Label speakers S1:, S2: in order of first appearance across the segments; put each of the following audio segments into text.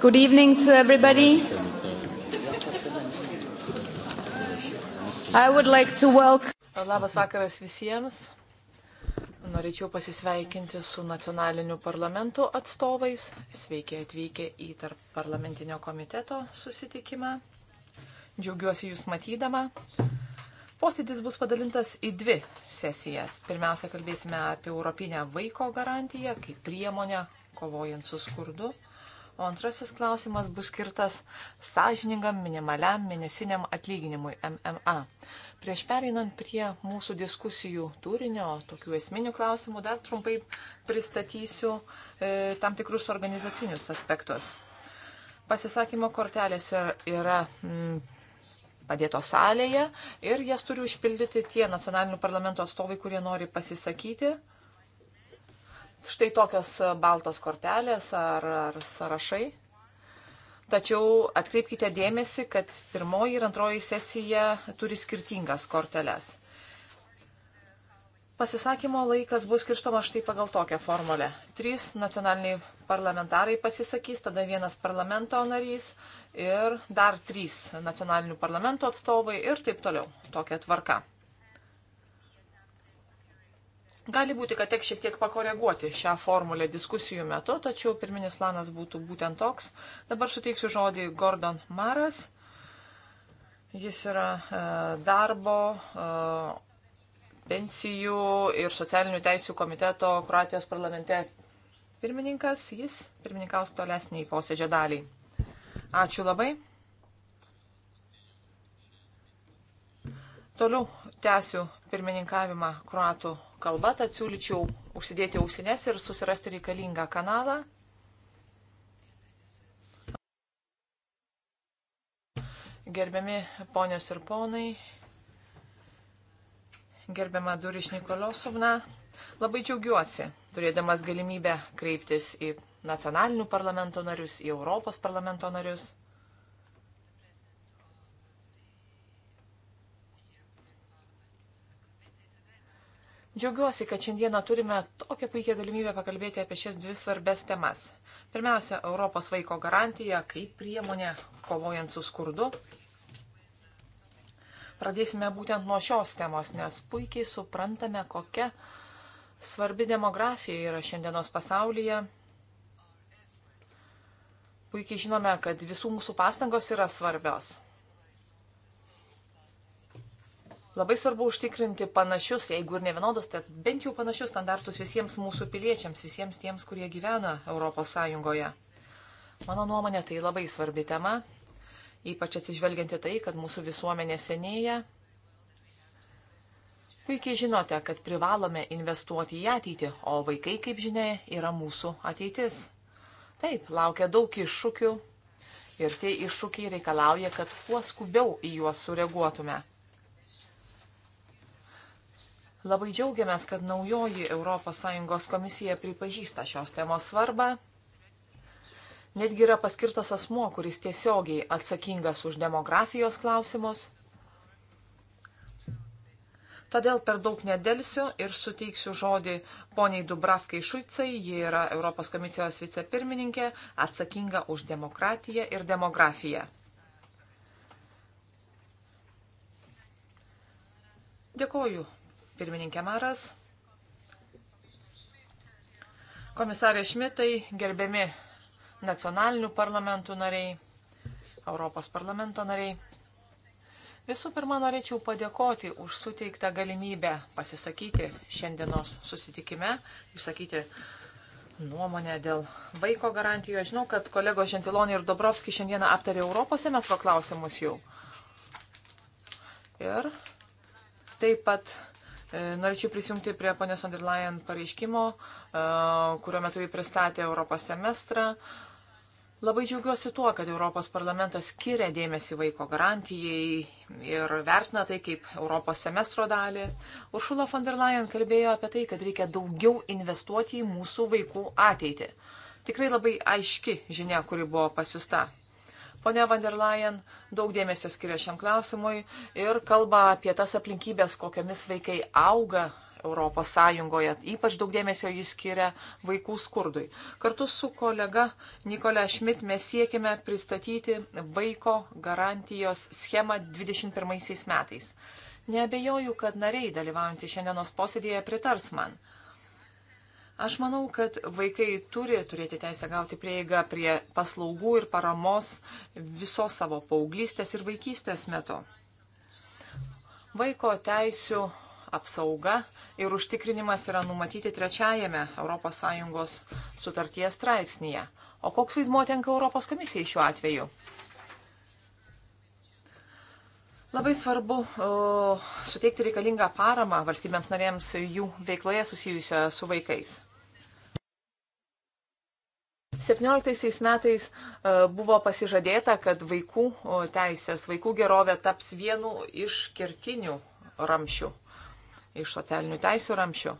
S1: Good evening to everybody.
S2: I would like to welcome. Labas vakaras visiems. Norėčiau pasisveikinti su nacionaliniu parlamentu atstovais. Sveiki atvykę į tarp parlamentinio komiteto susitikimą. Džiaugiuosi Jūs matydama. Posėdis bus padalintas į dvi sesijas. Pirmiausia, kalbėsime apie Europinę vaiko garantiją kaip priemonę kovojant su skurdu. O antrasis klausimas bus skirtas sąžiningam minimaliam mėnesiniam atlyginimui MMA. Prieš pereinant prie mūsų diskusijų turinio, tokių esminių klausimų, dar trumpai pristatysiu e, tam tikrus organizacinius aspektus. Pasisakymo kortelės yra, yra m, mm, padėtos salėje ir jas turi užpildyti tie nacionalinių parlamento atstovai, kurie nori pasisakyti. Štai tokios e, baltos kortelės ar, ar sąrašai. Tačiau atkreipkite dėmesį, kad pirmoji ir antroji sesija turi skirtingas korteles. Pasisakymo laikas bus skirstoma štai pagal tokią formulę. Trys nacionaliniai parlamentarai pasisakys, tada vienas parlamento narys ir dar trys nacionalinių parlamento atstovai ir taip toliau. Tokia tvarka. Gali būti, kad teks šiek tiek pakoreguoti šią formulę diskusijų metu, tačiau pirminis planas būtų būtent toks. Dabar suteiksiu žodį Gordon Maras. Jis yra e, darbo, e, pensijų ir socialinių teisų komiteto Kroatijos parlamente pirmininkas. Jis pirmininkaus tolesniai posėdžio daliai. Ačiū labai. Toliau tęsiu pirmininkavimą Kroatų kalba, tad siūlyčiau užsidėti ausines ir susirasti reikalingą kanalą. Gerbiami ponios ir ponai, gerbiama Duriš Nikolosovna, labai džiaugiuosi, turėdamas galimybę kreiptis į nacionalinių parlamento narius, į Europos parlamento narius. Džiaugiuosi, kad šiandieną turime tokią puikią galimybę pakalbėti apie šias dvi svarbes temas. Pirmiausia, Europos vaiko garantija kaip priemonė kovojant su skurdu. Pradėsime būtent nuo šios temos, nes puikiai suprantame, kokia svarbi demografija yra šiandienos pasaulyje. Puikiai žinome, kad visų mūsų pastangos yra svarbios. Labai svarbu užtikrinti panašius, jeigu ir ne vienodus, tai bent jau panašius standartus visiems mūsų piliečiams, visiems tiems, kurie gyvena ES. Mano nuomonė, tai labai svarbi tema, ypač atsižvelgianti tai, kad mūsų visuomenė senėja. Puikiai žinote, kad privalome investuoti į ateitį, o vaikai, kaip žinia, yra mūsų ateitis. Taip, laukia daug iššūkių ir tie iššūkiai reikalauja, kad kuo skubiau į juos sureaguotume. Labai džiaugiamės, kad naujoji ES komisija pripažįsta šios temos svarbą. Netgi yra paskirtas asmo, kuris tiesiogiai atsakingas už demografijos klausimus. Todėl per daug nedelsiu ir suteiksiu žodį poniai Dubravkai Šuicai, ji yra Europos komisijos vicepirmininkė, atsakinga už demokratiją ir demografiją. Dėkoju pirmininkė Maras. Komisarė Šmitai, gerbiami nacionalinių parlamentų nariai, Europos parlamento nariai. Visų pirma, norėčiau padėkoti už suteiktą galimybę pasisakyti šiandienos susitikime, išsakyti nuomonę dėl vaiko garantijų. Aš žinau, kad kolegos Žentilonai ir Dobrovski šiandieną aptarė Europos semestro klausimus jau. Ir taip pat E, norėčiau prisijungti prie ponios von der Leyen pareiškimo, e, kurio metu jį pristatė Europos semestrą. Labai džiaugiuosi tuo, kad Europos parlamentas skiria dėmesį vaiko garantijai ir vertina tai kaip Europos semestro dalį. Uršula von der Leyen kalbėjo apie tai, kad reikia daugiau investuoti į mūsų vaikų ateitį. Tikrai labai aiški žinia, kuri buvo pasiusta. Pone van der Leyen daug dėmesio skiria šiam klausimui ir kalba apie tas aplinkybės, kokiamis vaikai auga. Europos Sąjungoje ypač daug dėmesio jis skiria vaikų skurdui. Kartu su kolega Nikola Šmit mes siekime pristatyti vaiko garantijos schemą 21 metais. Neabejoju, kad nariai dalyvaujantys šiandienos posėdėje pritars man. Aš manau, kad vaikai turi turėti teisę gauti prieigą prie paslaugų ir paramos visos savo paauglystės ir vaikystės metu. Vaiko teisų apsauga ir užtikrinimas yra numatyti trečiajame ES sutarties straipsnėje. O koks vaidmuo tenka Europos komisijai šiuo atveju? Labai svarbu uh, suteikti reikalingą paramą valstybėms narėms jų veikloje susijusioje su vaikais. 17 metais e, buvo pasižadėta, kad vaikų teisės, vaikų gerovė taps vienu iš kertinių ramšių, iš socialinių teisų ramšių.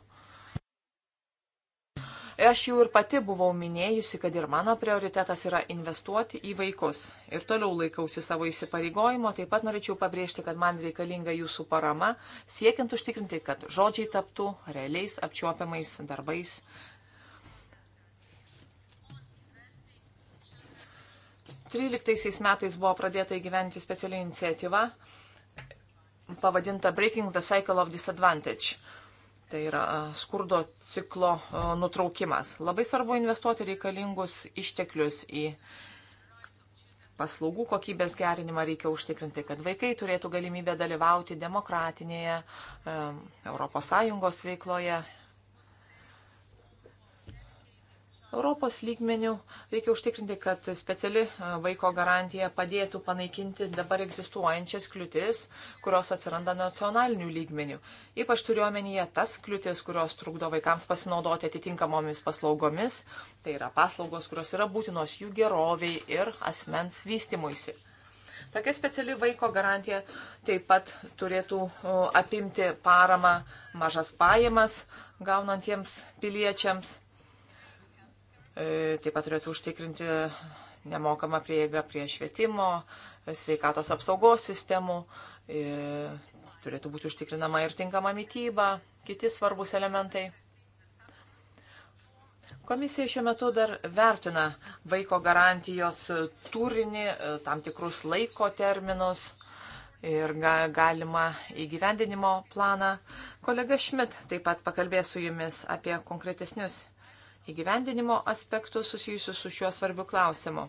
S2: Aš jau ir pati buvau minėjusi, kad ir mano prioritetas yra investuoti į vaikus. Ir toliau laikausi savo įsipareigojimo, taip pat norėčiau pabrėžti, kad man reikalinga jūsų parama, siekiant užtikrinti, kad žodžiai taptų realiais apčiuopiamais darbais 2013 metais buvo pradėta įgyventi speciali iniciatyva pavadinta Breaking the Cycle of Disadvantage. Tai yra skurdo ciklo nutraukimas. Labai svarbu investuoti reikalingus išteklius į paslaugų kokybės gerinimą reikia užtikrinti, kad vaikai turėtų galimybę dalyvauti demokratinėje ES veikloje, Europos lygmenių reikia užtikrinti, kad speciali vaiko garantija padėtų panaikinti dabar egzistuojančias kliūtis, kurios atsiranda nacionalinių lygmenių. Ypač turiuomenyje tas kliūtis, kurios trukdo vaikams pasinaudoti atitinkamomis paslaugomis, tai yra paslaugos, kurios yra būtinos jų geroviai ir asmens vystimuisi. Tokia speciali vaiko garantija taip pat turėtų apimti paramą mažas pajamas gaunantiems piliečiams E, taip pat turėtų užtikrinti nemokamą prieigą prie švietimo, sveikatos apsaugos sistemų, e, turėtų būti užtikrinama ir tinkama mytyba, kiti svarbus elementai. Komisija šiuo metu dar vertina vaiko garantijos turinį, e, tam tikrus laiko terminus ir ga, galima įgyvendinimo planą. Kolega Šmit taip pat pakalbės su jumis apie konkretesnius įgyvendinimo aspektus susijusius su šiuo svarbiu klausimu.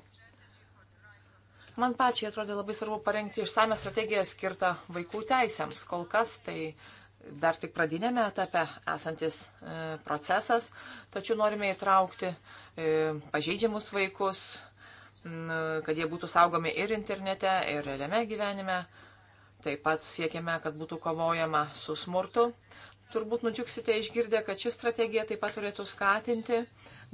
S2: Man pačiai atrodė labai svarbu parengti išsame strategiją skirtą vaikų teisėms. Kol kas tai dar tik pradinėme etape esantis e, procesas, tačiau norime įtraukti e, pažeidžiamus vaikus, kad jie būtų saugomi ir internete, ir realiame gyvenime. Taip pat siekiame, kad būtų kovojama su smurtu turbūt nudžiugsite išgirdę, kad ši strategija taip pat turėtų skatinti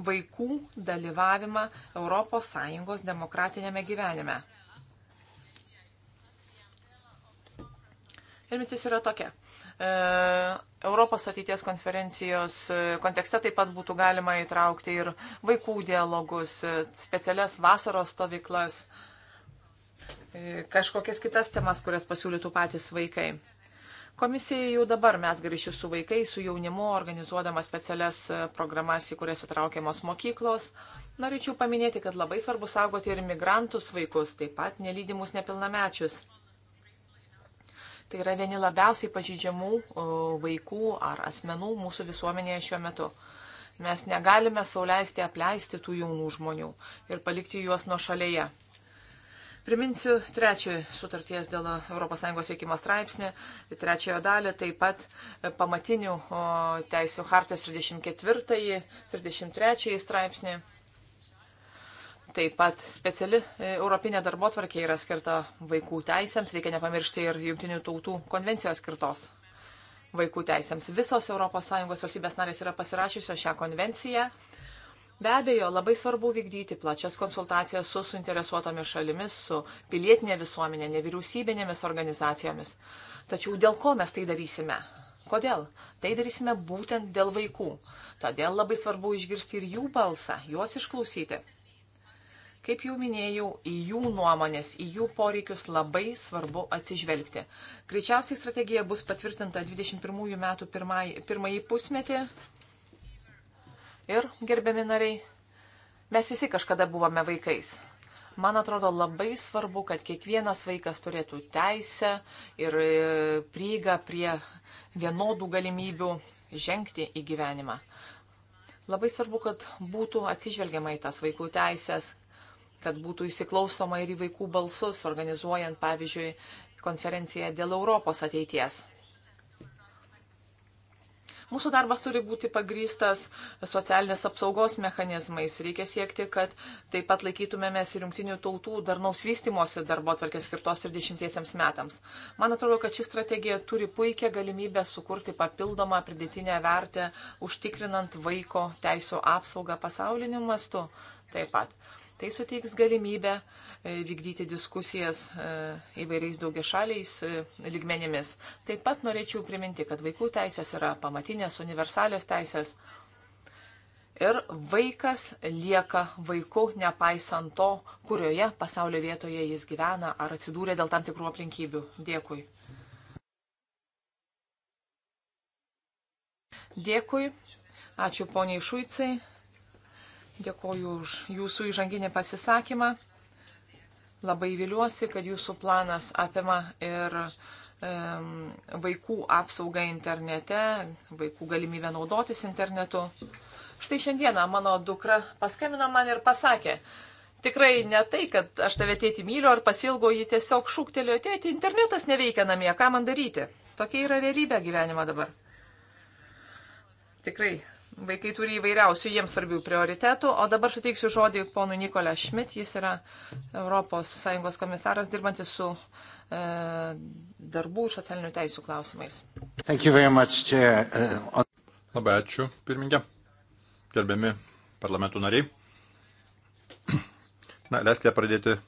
S2: vaikų dalyvavimą ES demokratinėme gyvenime. Ir mintis yra tokia. E, Europos ateities konferencijos e, kontekste taip pat būtų galima įtraukti ir vaikų dialogus, e, specialias vasaros stovyklas, kažkokias kitas temas, kurias pasiūlytų patys vaikai. Komisija jau dabar mes grįšiu su vaikais, su jaunimu, organizuodama specialias e, programas, į kurias įtraukiamos mokyklos. Norėčiau paminėti, kad labai svarbu saugoti ir migrantus vaikus, taip pat nelydimus nepilnamečius. Tai yra vieni labiausiai pažydžiamų vaikų ar asmenų mūsų visuomenėje šiuo metu. Mes negalime sauliaisti apleisti tų jaunų žmonių ir palikti juos nuo šalyje. Priminsiu trečią sutarties dėl ES veikimo straipsnį, trečiojo dalį, taip pat e, pamatinių teisų hartijos 34, 33 straipsnį. Taip pat speciali e, europinė darbo tvarkė yra skirta vaikų teisėms, reikia nepamiršti ir Junktinių tautų konvencijos skirtos vaikų teisėms. Visos ES valstybės narės yra pasirašysios šią konvenciją Be abejo, labai svarbu vykdyti plačias konsultacijas su suinteresuotomis šalimis, su pilietinė visuomenė, nevyriausybinėmis organizacijomis. Tačiau dėl ko mes tai darysime? Kodėl? Tai darysime būtent dėl vaikų. Todėl labai svarbu išgirsti ir jų balsą, juos išklausyti. Kaip jau minėjau, į jų nuomonės, į jų poreikius labai svarbu atsižvelgti. Greičiausiai strategija bus patvirtinta 21 metų pirmąjį, pirmąjį pusmetį, ir, gerbiami nariai, mes visi kažkada buvome vaikais. Man atrodo labai svarbu, kad kiekvienas vaikas turėtų teisę ir e, prieigą prie vienodų galimybių žengti į gyvenimą. Labai svarbu, kad būtų atsižvelgiama į tas vaikų teisės, kad būtų įsiklausoma ir į vaikų balsus, organizuojant, pavyzdžiui, konferenciją dėl Europos ateities. Mūsų darbas turi būti pagrystas socialinės apsaugos mechanizmais. Reikia siekti, kad taip pat laikytumėmės ir jungtinių tautų darnaus vystimosi darbo atvarkės skirtos ir dešimtiesiems metams. Man atrodo, kad ši strategija turi puikią galimybę sukurti papildomą pridėtinę vertę, užtikrinant vaiko teisų apsaugą pasauliniu mastu taip pat. Tai suteiks galimybę uh, E, vykdyti diskusijas e, įvairiais daugiašaliais e, lygmenimis. Taip pat norėčiau priminti, kad vaikų teisės yra pamatinės universalios teisės. Ir vaikas lieka vaiku, nepaisant to, kurioje pasaulio vietoje jis gyvena ar atsidūrė dėl tam tikrų aplinkybių. Dėkui. Dėkui. Ačiū poniai Šuicai. Dėkoju už jūsų įžanginį pasisakymą. Labai viliuosi, kad jūsų planas apima ir um, vaikų apsaugą internete, vaikų galimybę naudotis internetu. Štai šiandieną mano dukra paskambino man ir pasakė, tikrai ne tai, kad aš tave tėti myliu ar pasilgo, ji tiesiog šūktelėjo tėti, internetas neveikia namie, ką man daryti. Tokia yra realybė gyvenimo dabar. Tikrai Vaikai turi įvairiausių jiems svarbių prioritetų, o dabar suteiksiu žodį ponui Nikolė Šmit, jis yra ES komisaras dirbantis su e, darbų ir socialinių teisų klausimais.
S3: Much, uh, Labai ačiū, pirmininkė. Gerbiami parlamentų nariai. Na, leiskite pradėti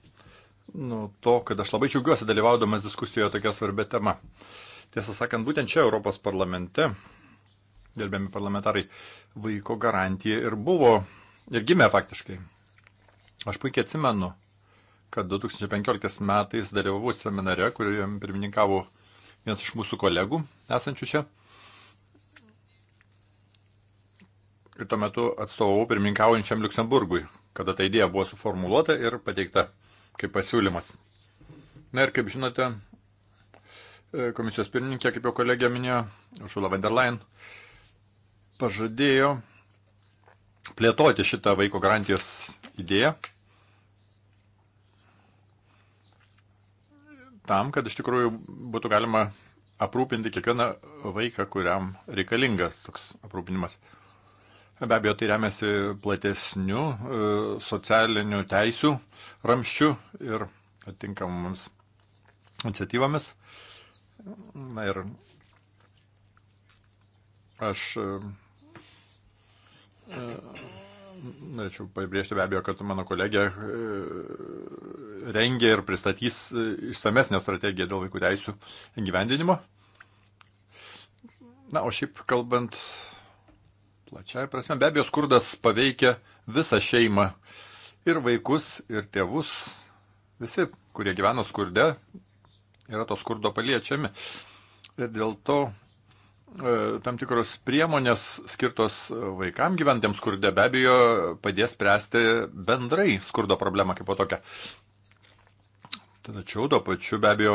S3: nuo to, kad aš labai džiaugiuosi dalyvaudamas diskusijoje tokia svarbia tema. Tiesą sakant, būtent čia Europos parlamente gerbiami parlamentarai, vaiko garantija ir buvo, ir gimė faktiškai. Aš puikiai atsimenu, kad 2015 metais dalyvavau seminare, kurioje pirmininkavo vienas iš mūsų kolegų esančių čia. ir tuo metu atstovau pirmininkaujančiam Luksemburgui, kada ta idėja buvo suformuoluota ir pateikta kaip pasiūlymas. Na ir kaip žinote, e, komisijos pirmininkė, kaip jau kolegė minėjo, Šula van der Leyen, pažadėjo plėtoti šitą vaiko garantijos idėją tam, kad iš tikrųjų būtų galima aprūpinti kiekvieną vaiką, kuriam reikalingas toks aprūpinimas. Be abejo, tai remiasi platesnių e, socialinių teisių ramščių ir atinkamams iniciatyvomis. Na ir aš e, Ehm, norėčiau pabrėžti be abejo, kad mano kolegė ehm, rengia ir pristatys ehm, išsamesnę strategiją dėl vaikų teisų gyvendinimo. Na, o šiaip kalbant plačiai prasme, be abejo, skurdas paveikia visą šeimą. Ir vaikus, ir tėvus. Visi, kurie gyvena skurde, yra to skurdo paliečiami. Ir dėl to E, tam tikros priemonės skirtos vaikam gyventiems skurde be abejo padės spręsti bendrai skurdo problemą kaip po tokią. Tačiau tuo pačiu be abejo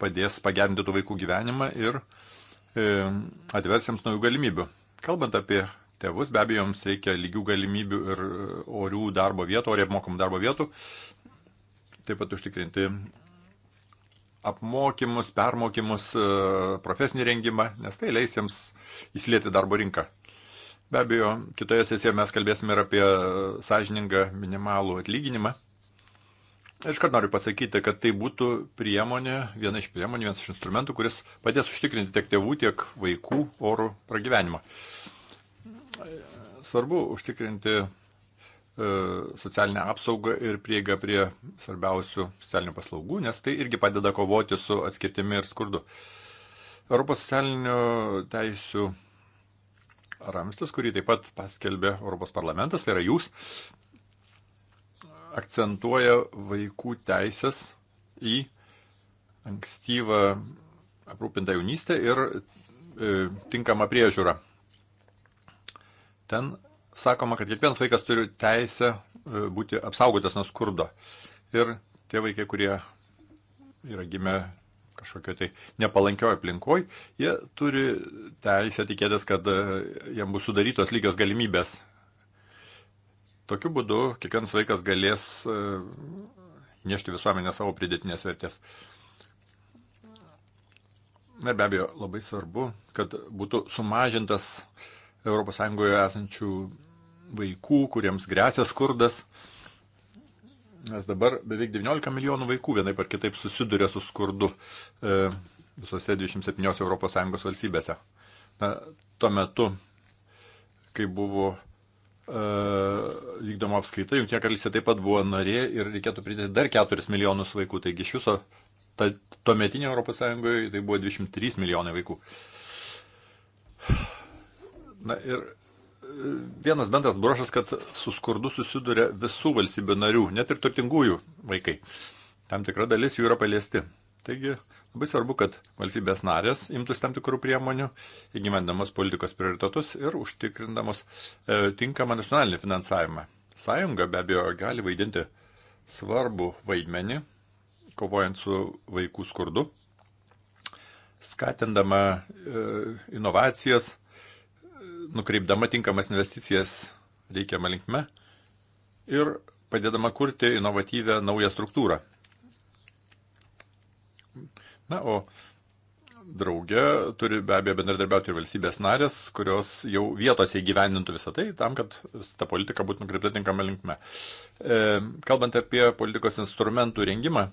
S3: padės pagerinti tų vaikų gyvenimą ir e, atversiems naujų galimybių. Kalbant apie tėvus, be abejo, jums reikia lygių galimybių ir e, orių darbo vietų, oriai apmokamų darbo vietų, taip pat užtikrinti apmokymus, permokymus, e, profesinį rengimą, nes tai leis jiems įsilieti darbo rinką. Be abejo, kitoje sesijoje mes kalbėsime ir apie sąžiningą minimalų atlyginimą. Iškart noriu pasakyti, kad tai būtų priemonė, viena iš priemonių, vienas iš instrumentų, kuris padės užtikrinti tiek tėvų, tiek vaikų orų pragyvenimą. Svarbu užtikrinti E, socialinę apsaugą ir prieigą prie svarbiausių socialinių paslaugų, nes tai irgi padeda kovoti su atskirtimi ir skurdu. Europos socialinių teisių ramstis, kurį taip pat paskelbė Europos parlamentas, tai yra jūs, akcentuoja vaikų teisės į ankstyvą aprūpintą jaunystę ir e, tinkamą priežiūrą. Ten sakoma, kad kiekvienas vaikas turi teisę e, būti apsaugotas nuo skurdo. Ir tie vaikai, kurie yra gimę kažkokio tai nepalankiojo aplinkoj, jie turi teisę tikėtis, kad e, jam bus sudarytos lygios galimybės. Tokiu būdu kiekvienas vaikas galės e, nešti visuomenę savo pridėtinės vertės. Na ir be abejo, labai svarbu, kad būtų sumažintas ES esančių vaikų, kuriems grėsia skurdas. Nes dabar beveik 19 milijonų vaikų vienaip ar kitaip susiduria su skurdu e, visose 27 ES valstybėse. Na, tuo metu, kai buvo e, vykdoma apskaita, Junktinė karalystė taip pat buvo narė ir reikėtų pridėti dar 4 milijonus vaikų. Taigi iš viso ta, tuo metinė ES tai buvo 23 milijonai vaikų. Na ir vienas bendras brošas, kad su skurdu susiduria visų valstybių narių, net ir turtingųjų vaikai. Tam tikra dalis jų yra paliesti. Taigi labai svarbu, kad valstybės narės imtųsi tam tikrų priemonių, įgyvendamos politikos prioritetus ir užtikrindamos e, tinkamą nacionalinį finansavimą. Sąjunga be abejo gali vaidinti svarbu vaidmenį, kovojant su vaikų skurdu, skatindama e, inovacijas, nukreipdama tinkamas investicijas reikiamą linkme ir padėdama kurti inovatyvę naują struktūrą. Na, o drauge turi be abejo bendradarbiauti ir valstybės narės, kurios jau vietose įgyvendintų visą tai, tam, kad ta politika būtų nukreipta tinkama linkme. E, kalbant apie politikos instrumentų rengimą,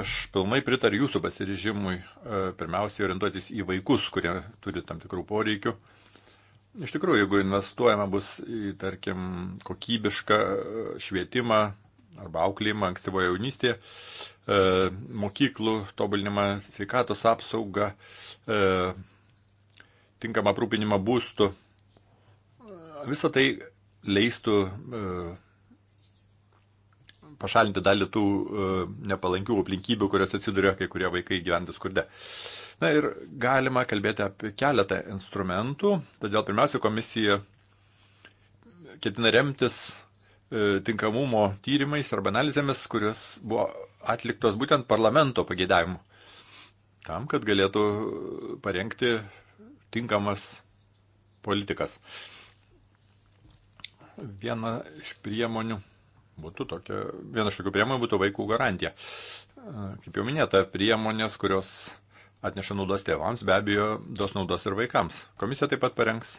S3: aš pilnai pritariu jūsų pasirižimui e, pirmiausiai orientuotis į vaikus, kurie turi tam tikrų poreikių. E, Iš tikrųjų, jeigu investuojama bus į, tarkim, kokybišką e, švietimą arba auklėjimą ankstyvoje jaunystėje, e, mokyklų tobulinimą, sveikatos apsaugą, e, tinkamą aprūpinimą būstų, e, visą tai leistų e, pašalinti dalį tų e, nepalankių aplinkybių, kurios atsiduria kai kurie vaikai gyventi skurde. E, Na ir galima kalbėti apie keletą instrumentų, todėl pirmiausia komisija ketina remtis e, tinkamumo tyrimais arba analizėmis, kurios buvo atliktos būtent parlamento pagėdavimu. Tam, kad galėtų parengti tinkamas politikas. Viena iš priemonių būtų tokia, viena iš tokių priemonių būtų vaikų garantija. E, kaip jau minėta, priemonės, kurios atneša naudos tėvams, be abejo, duos naudos ir vaikams. Komisija taip pat parengs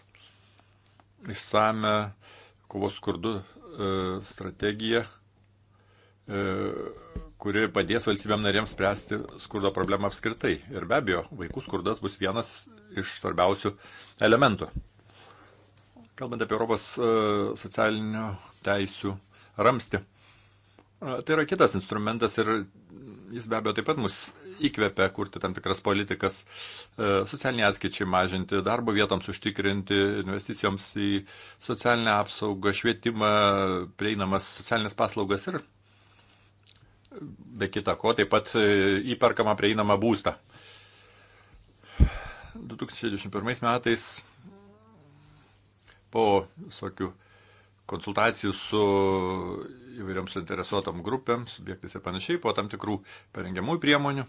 S3: išsame kovos skurdu e, strategiją, e, kuri padės valstybėm narėms spręsti skurdo problemą apskritai. Ir be abejo, vaikų skurdas bus vienas iš svarbiausių elementų. Kalbant apie Europos e, socialinių teisių ramsti. Tai yra kitas instrumentas ir jis be abejo taip pat mus įkvepia kurti tam tikras politikas e, socialiniai atskaičiai mažinti, darbo vietoms užtikrinti, investicijoms į socialinę apsaugą, švietimą, prieinamas socialinės paslaugas ir be kita ko taip pat e, įperkamą prieinamą būstą. 2021 metais po visokių konsultacijų su įvairioms interesuotam grupėms, subjektais ir panašiai, po tam tikrų parengiamųjų priemonių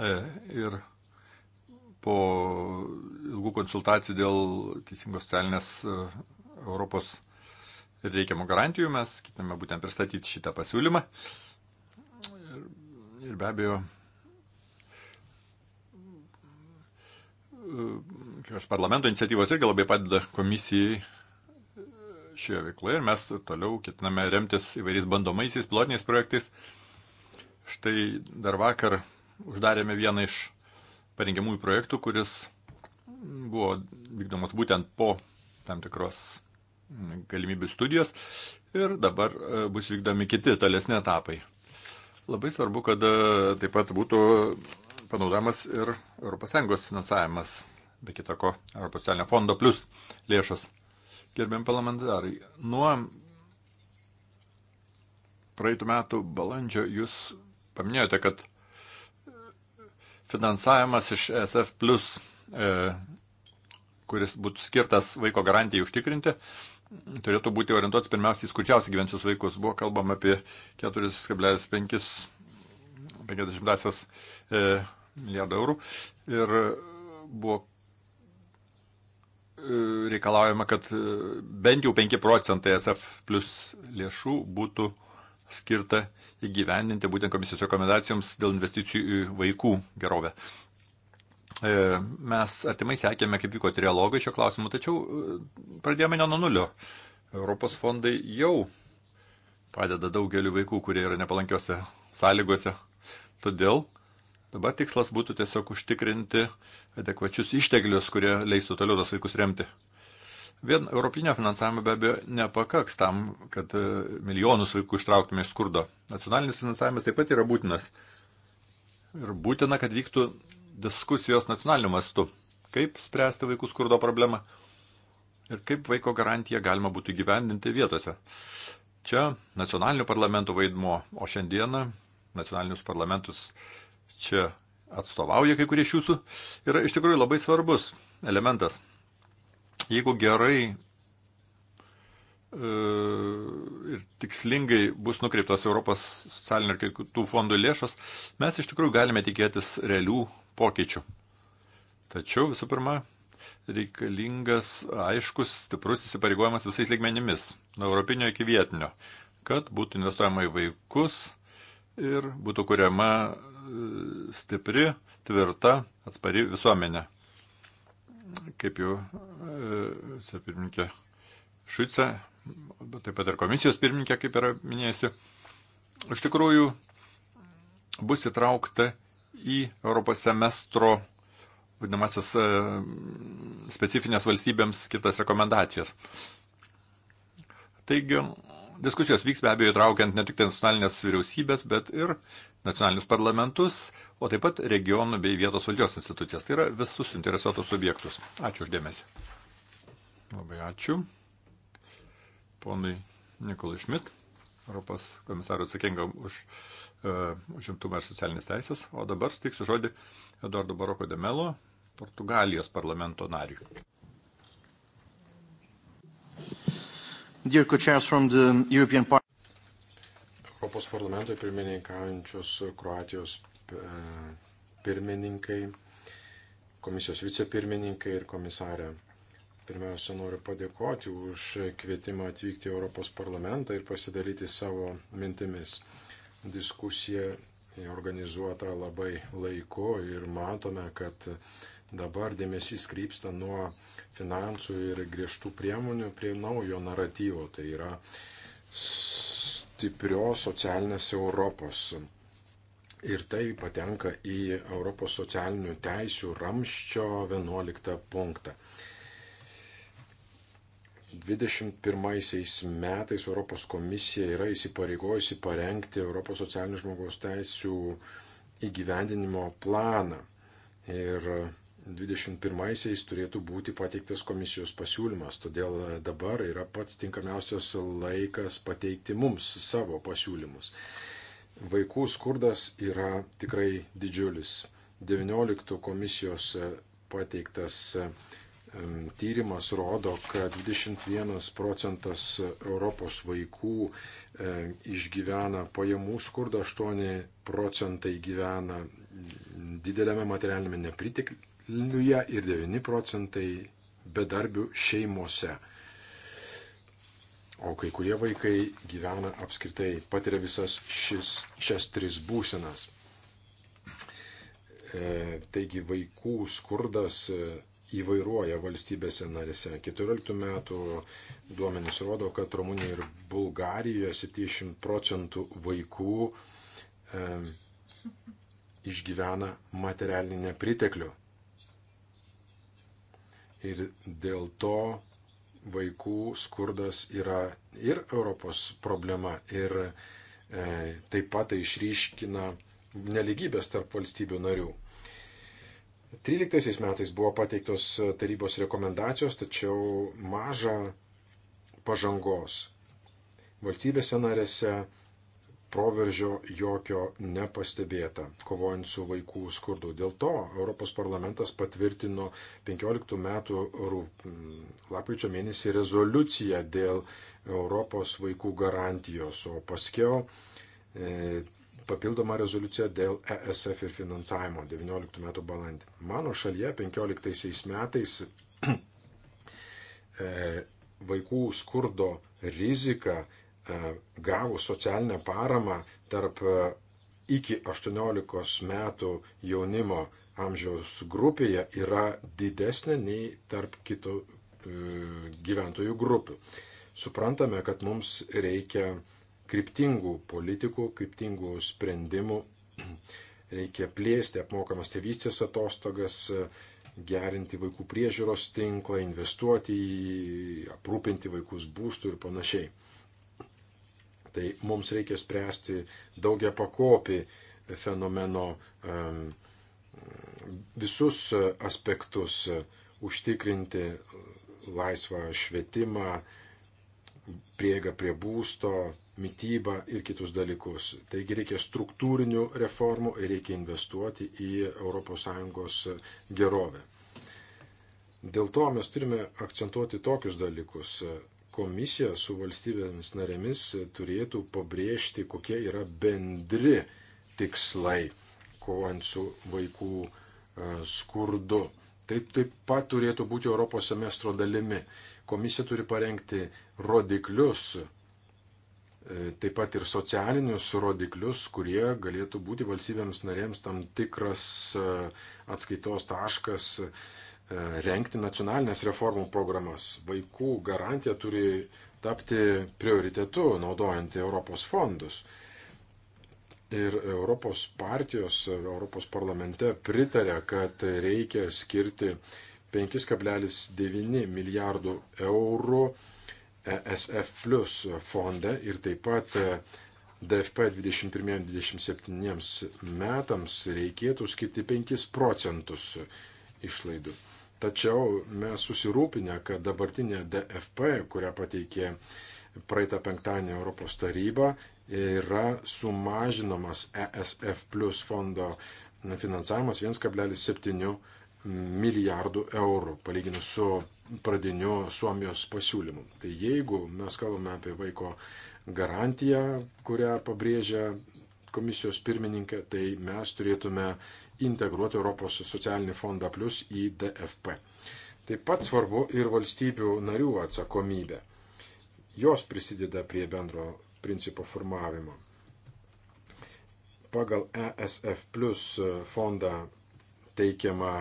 S3: E, ir po ilgų konsultacijų dėl teisingos socialinės e, Europos reikiamų garantijų mes kitame būtent pristatyti šitą pasiūlymą. Ir, ir be abejo, kažkaip e, parlamento iniciatyvos irgi labai padeda komisijai šioje veikloje ir mes toliau ketiname remtis įvairiais bandomaisiais, pilotiniais projektais. Štai dar vakar uždarėme vieną iš parengiamųjų projektų, kuris buvo vykdomas būtent po tam tikros mm, galimybių studijos ir dabar e, bus vykdomi kiti tolesni etapai. Labai svarbu, kad e, taip pat būtų panaudojamas ir ES finansavimas, be kitako ES fondo plus lėšos. Gerbėm parlamentarai, nuo praeitų metų balandžio jūs paminėjote, kad finansavimas iš SF, plus, e, kuris būtų skirtas vaiko garantijai užtikrinti, turėtų būti orientuotas pirmiausiai į skurdžiausiai gyvenčius vaikus. Buvo kalbama apie 4,50 e, milijardo eurų ir buvo e, reikalaujama, kad bent jau 5 procentai SF plus lėšų būtų uh, skirta įgyvendinti būtent komisijos rekomendacijoms dėl investicijų į vaikų gerovę. E, mes artimai sekėme, kaip vyko trialogai šio klausimu, tačiau e, pradėjome ne nuo nulio. Europos fondai jau padeda daugeliu vaikų, kurie yra nepalankiose sąlygose. Todėl dabar tikslas būtų tiesiog užtikrinti adekvačius išteklius, kurie leistų toliau tos vaikus remti. Vien europinio finansavimo be abejo nepakaks tam, kad e, milijonus vaikų ištrauktume iš skurdo. Nacionalinis finansavimas taip pat yra būtinas. Ir būtina, kad vyktų diskusijos nacionaliniu mastu. Kaip spręsti vaikų skurdo problemą ir kaip vaiko garantiją galima būtų gyvendinti vietose. Čia nacionalinių parlamentų vaidmuo, o šiandieną nacionalinius parlamentus čia atstovauja kai kurie iš jūsų, yra iš tikrųjų labai svarbus elementas. Jeigu gerai e, ir tikslingai bus nukreiptos Europos socialinių ir kitų fondų lėšos, mes iš tikrųjų galime tikėtis realių pokyčių. Tačiau visų pirma, reikalingas aiškus, stiprus įsipareigojimas visais lygmenimis, nuo europinio iki vietinio, kad būtų investuojama į vaikus ir būtų kuriama e, stipri, tvirta, atspari visuomenė kaip jau e, pirmininkė Šuica, bet taip pat ir komisijos pirmininkė, kaip yra minėjusi, iš tikrųjų bus įtraukta į Europos semestro vadinamasis e, specifinės valstybėms skirtas rekomendacijas. Taigi, diskusijos vyks be abejo įtraukiant ne tik tai nacionalinės vyriausybės, bet ir nacionalinius parlamentus, o taip pat regionų bei vietos valdžios institucijas. Tai yra visus interesuotus subjektus. Ačiū uždėmesi. Labai ačiū. Ponui Nikolai Šmit, Europos komisarų atsakingam už e, užimtumą uh, ir socialinės teisės. O dabar steiksiu žodį Eduardo Baroko de Melo, Portugalijos parlamento nariui.
S2: Dear co-chairs from the European Parliament.
S4: Europos parlamentui pirmininkaujančios Kroatijos kaip e, pirmininkai, komisijos vicepirmininkai ir komisarė. Pirmiausia, noriu padėkoti už kvietimą atvykti į Europos parlamentą ir pasidalyti savo mintimis. Diskusija organizuota labai laiku ir matome, kad dabar dėmesys krypsta nuo finansų ir griežtų priemonių prie naujo naratyvo, tai yra stiprios socialinės Europos. Ir tai patenka į Europos socialinių teisių ramščio 11 punktą. 21 metais Europos komisija yra įsipareigojusi parengti Europos socialinių žmogaus teisų įgyvendinimo planą. Ir 21-aisiais turėtų būti pateiktas komisijos pasiūlymas, todėl dabar yra pats tinkamiausias laikas pateikti mums savo pasiūlymus. Vaikų skurdas yra tikrai didžiulis. 19 komisijos e, pateiktas e, tyrimas rodo, kad 21 procentas Europos vaikų e, išgyvena pajamų skurdą, 8 procentai gyvena dideliame materialinėme nepritikliuje ir 9 procentai bedarbių šeimose o kai kurie vaikai gyvena apskritai, patiria visas šis, šias tris būsenas. E, taigi vaikų skurdas e, įvairuoja valstybėse narėse. 14 metų duomenys rodo, kad Rumunijoje ir Bulgarijoje 70 procentų vaikų e, išgyvena materialinį nepriteklių. Ir dėl to vaikų skurdas yra ir Europos problema, ir e, taip pat tai išryškina neligybės tarp valstybių narių. 13 metais buvo pateiktos tarybos rekomendacijos, tačiau maža pažangos. Valstybėse narėse proveržio jokio nepastebėta, kovojant su vaikų skurdu. Dėl to Europos parlamentas patvirtino 15 metų rūp, mm, lapkričio mėnesį rezoliuciją dėl Europos vaikų garantijos, o paskiau e, papildomą rezoliuciją dėl ESF ir finansavimo 19 metų balandį. Mano šalyje 15 metais e, vaikų skurdo rizika E, gavus socialinę paramą tarp e, iki 18 metų jaunimo amžiaus grupėje yra didesnė nei tarp kitų e, gyventojų grupių. Suprantame, kad mums reikia kryptingų politikų, kryptingų sprendimų, reikia plėsti apmokamas tėvystės atostogas, gerinti vaikų priežiūros tinklą, investuoti į aprūpinti vaikus būstų ir panašiai. Tai mums reikia spręsti daugia pakopį fenomeno visus aspektus, užtikrinti laisvą švietimą, prieigą prie būsto, mytybą ir kitus dalykus. Taigi reikia struktūrinių reformų ir reikia investuoti į ES gerovę. Dėl to mes turime akcentuoti tokius dalykus komisija su valstybėmis narėmis turėtų pabrėžti, kokie yra bendri tikslai, kovant su vaikų e, skurdu. Tai taip pat turėtų būti Europos semestro dalimi. Komisija turi parengti rodiklius, e, taip pat ir socialinius rodiklius, kurie galėtų būti valstybėms narėms tam tikras e, atskaitos taškas, E, renkti nacionalinės reformų programas. Vaikų garantija turi tapti prioritetu naudojant Europos fondus. Ir Europos partijos Europos parlamente pritarė, kad reikia skirti 5,9 milijardų eurų ESF plus fonde ir taip pat e, DFP 21-27 metams reikėtų skirti 5 procentus išlaidų. Tačiau mes susirūpinę, kad dabartinė DFP, kurią pateikė praeitą penktadienį Europos taryba, yra sumažinamas ESF plus fondo finansavimas 1,7 milijardų eurų, palyginus su pradiniu Suomijos pasiūlymu. Tai jeigu mes kalbame apie vaiko garantiją, kurią pabrėžia komisijos pirmininkė, tai mes turėtume integruoti Europos socialinį fondą plus į DFP. Taip pat svarbu ir valstybių narių atsakomybė. Jos prisideda prie bendro principo formavimo. Pagal ESF plus fondą teikiama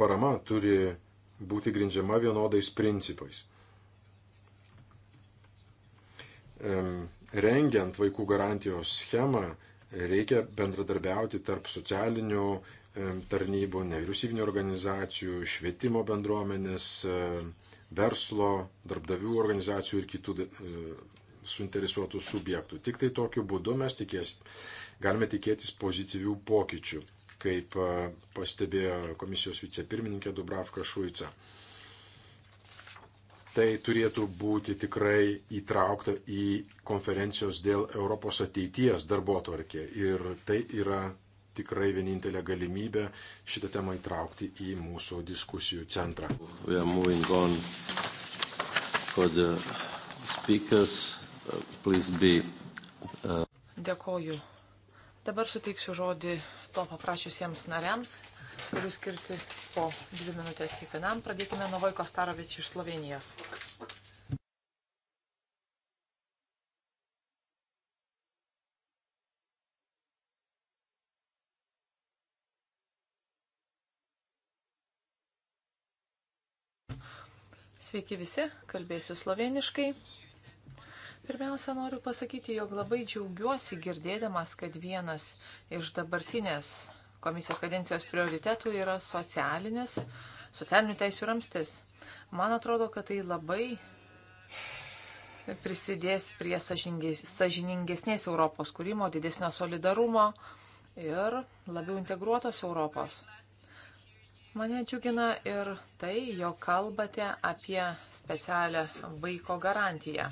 S4: parama turi būti grindžiama vienodais principais rengiant vaikų garantijos schemą Reikia bendradarbiauti tarp socialinių e, tarnybų, nevyriausybinio organizacijų, švietimo bendruomenės, e, verslo, darbdavių organizacijų ir kitų e, suinteresuotų subjektų. Tik tai tokiu būdu mes tikės, galime tikėtis pozityvių pokyčių, kaip pastebėjo komisijos vicepirmininkė Dubravka Šuica. Tai turėtų būti tikrai įtraukta į konferencijos dėl Europos ateities darbo tvarkė. Ir tai yra tikrai vienintelė galimybė šitą temą įtraukti į mūsų diskusijų centrą.
S3: Uh,
S2: Dėkoju. Dabar suteiksiu žodį to paprašysiems nariams turiu skirti po dvi minutės kiekvienam. Pradėkime nuo Vaiko Starovič iš Slovenijos. Sveiki visi, kalbėsiu sloveniškai. Pirmiausia, noriu pasakyti, jog labai džiaugiuosi girdėdamas, kad vienas iš dabartinės komisijos kadencijos prioritetų yra socialinis, socialinių teisų ramstis. Man atrodo, kad tai labai prisidės prie sažiningesnės Europos kūrimo, didesnio solidarumo ir labiau integruotos Europos. Mane džiugina ir tai, jog kalbate apie specialią vaiko garantiją.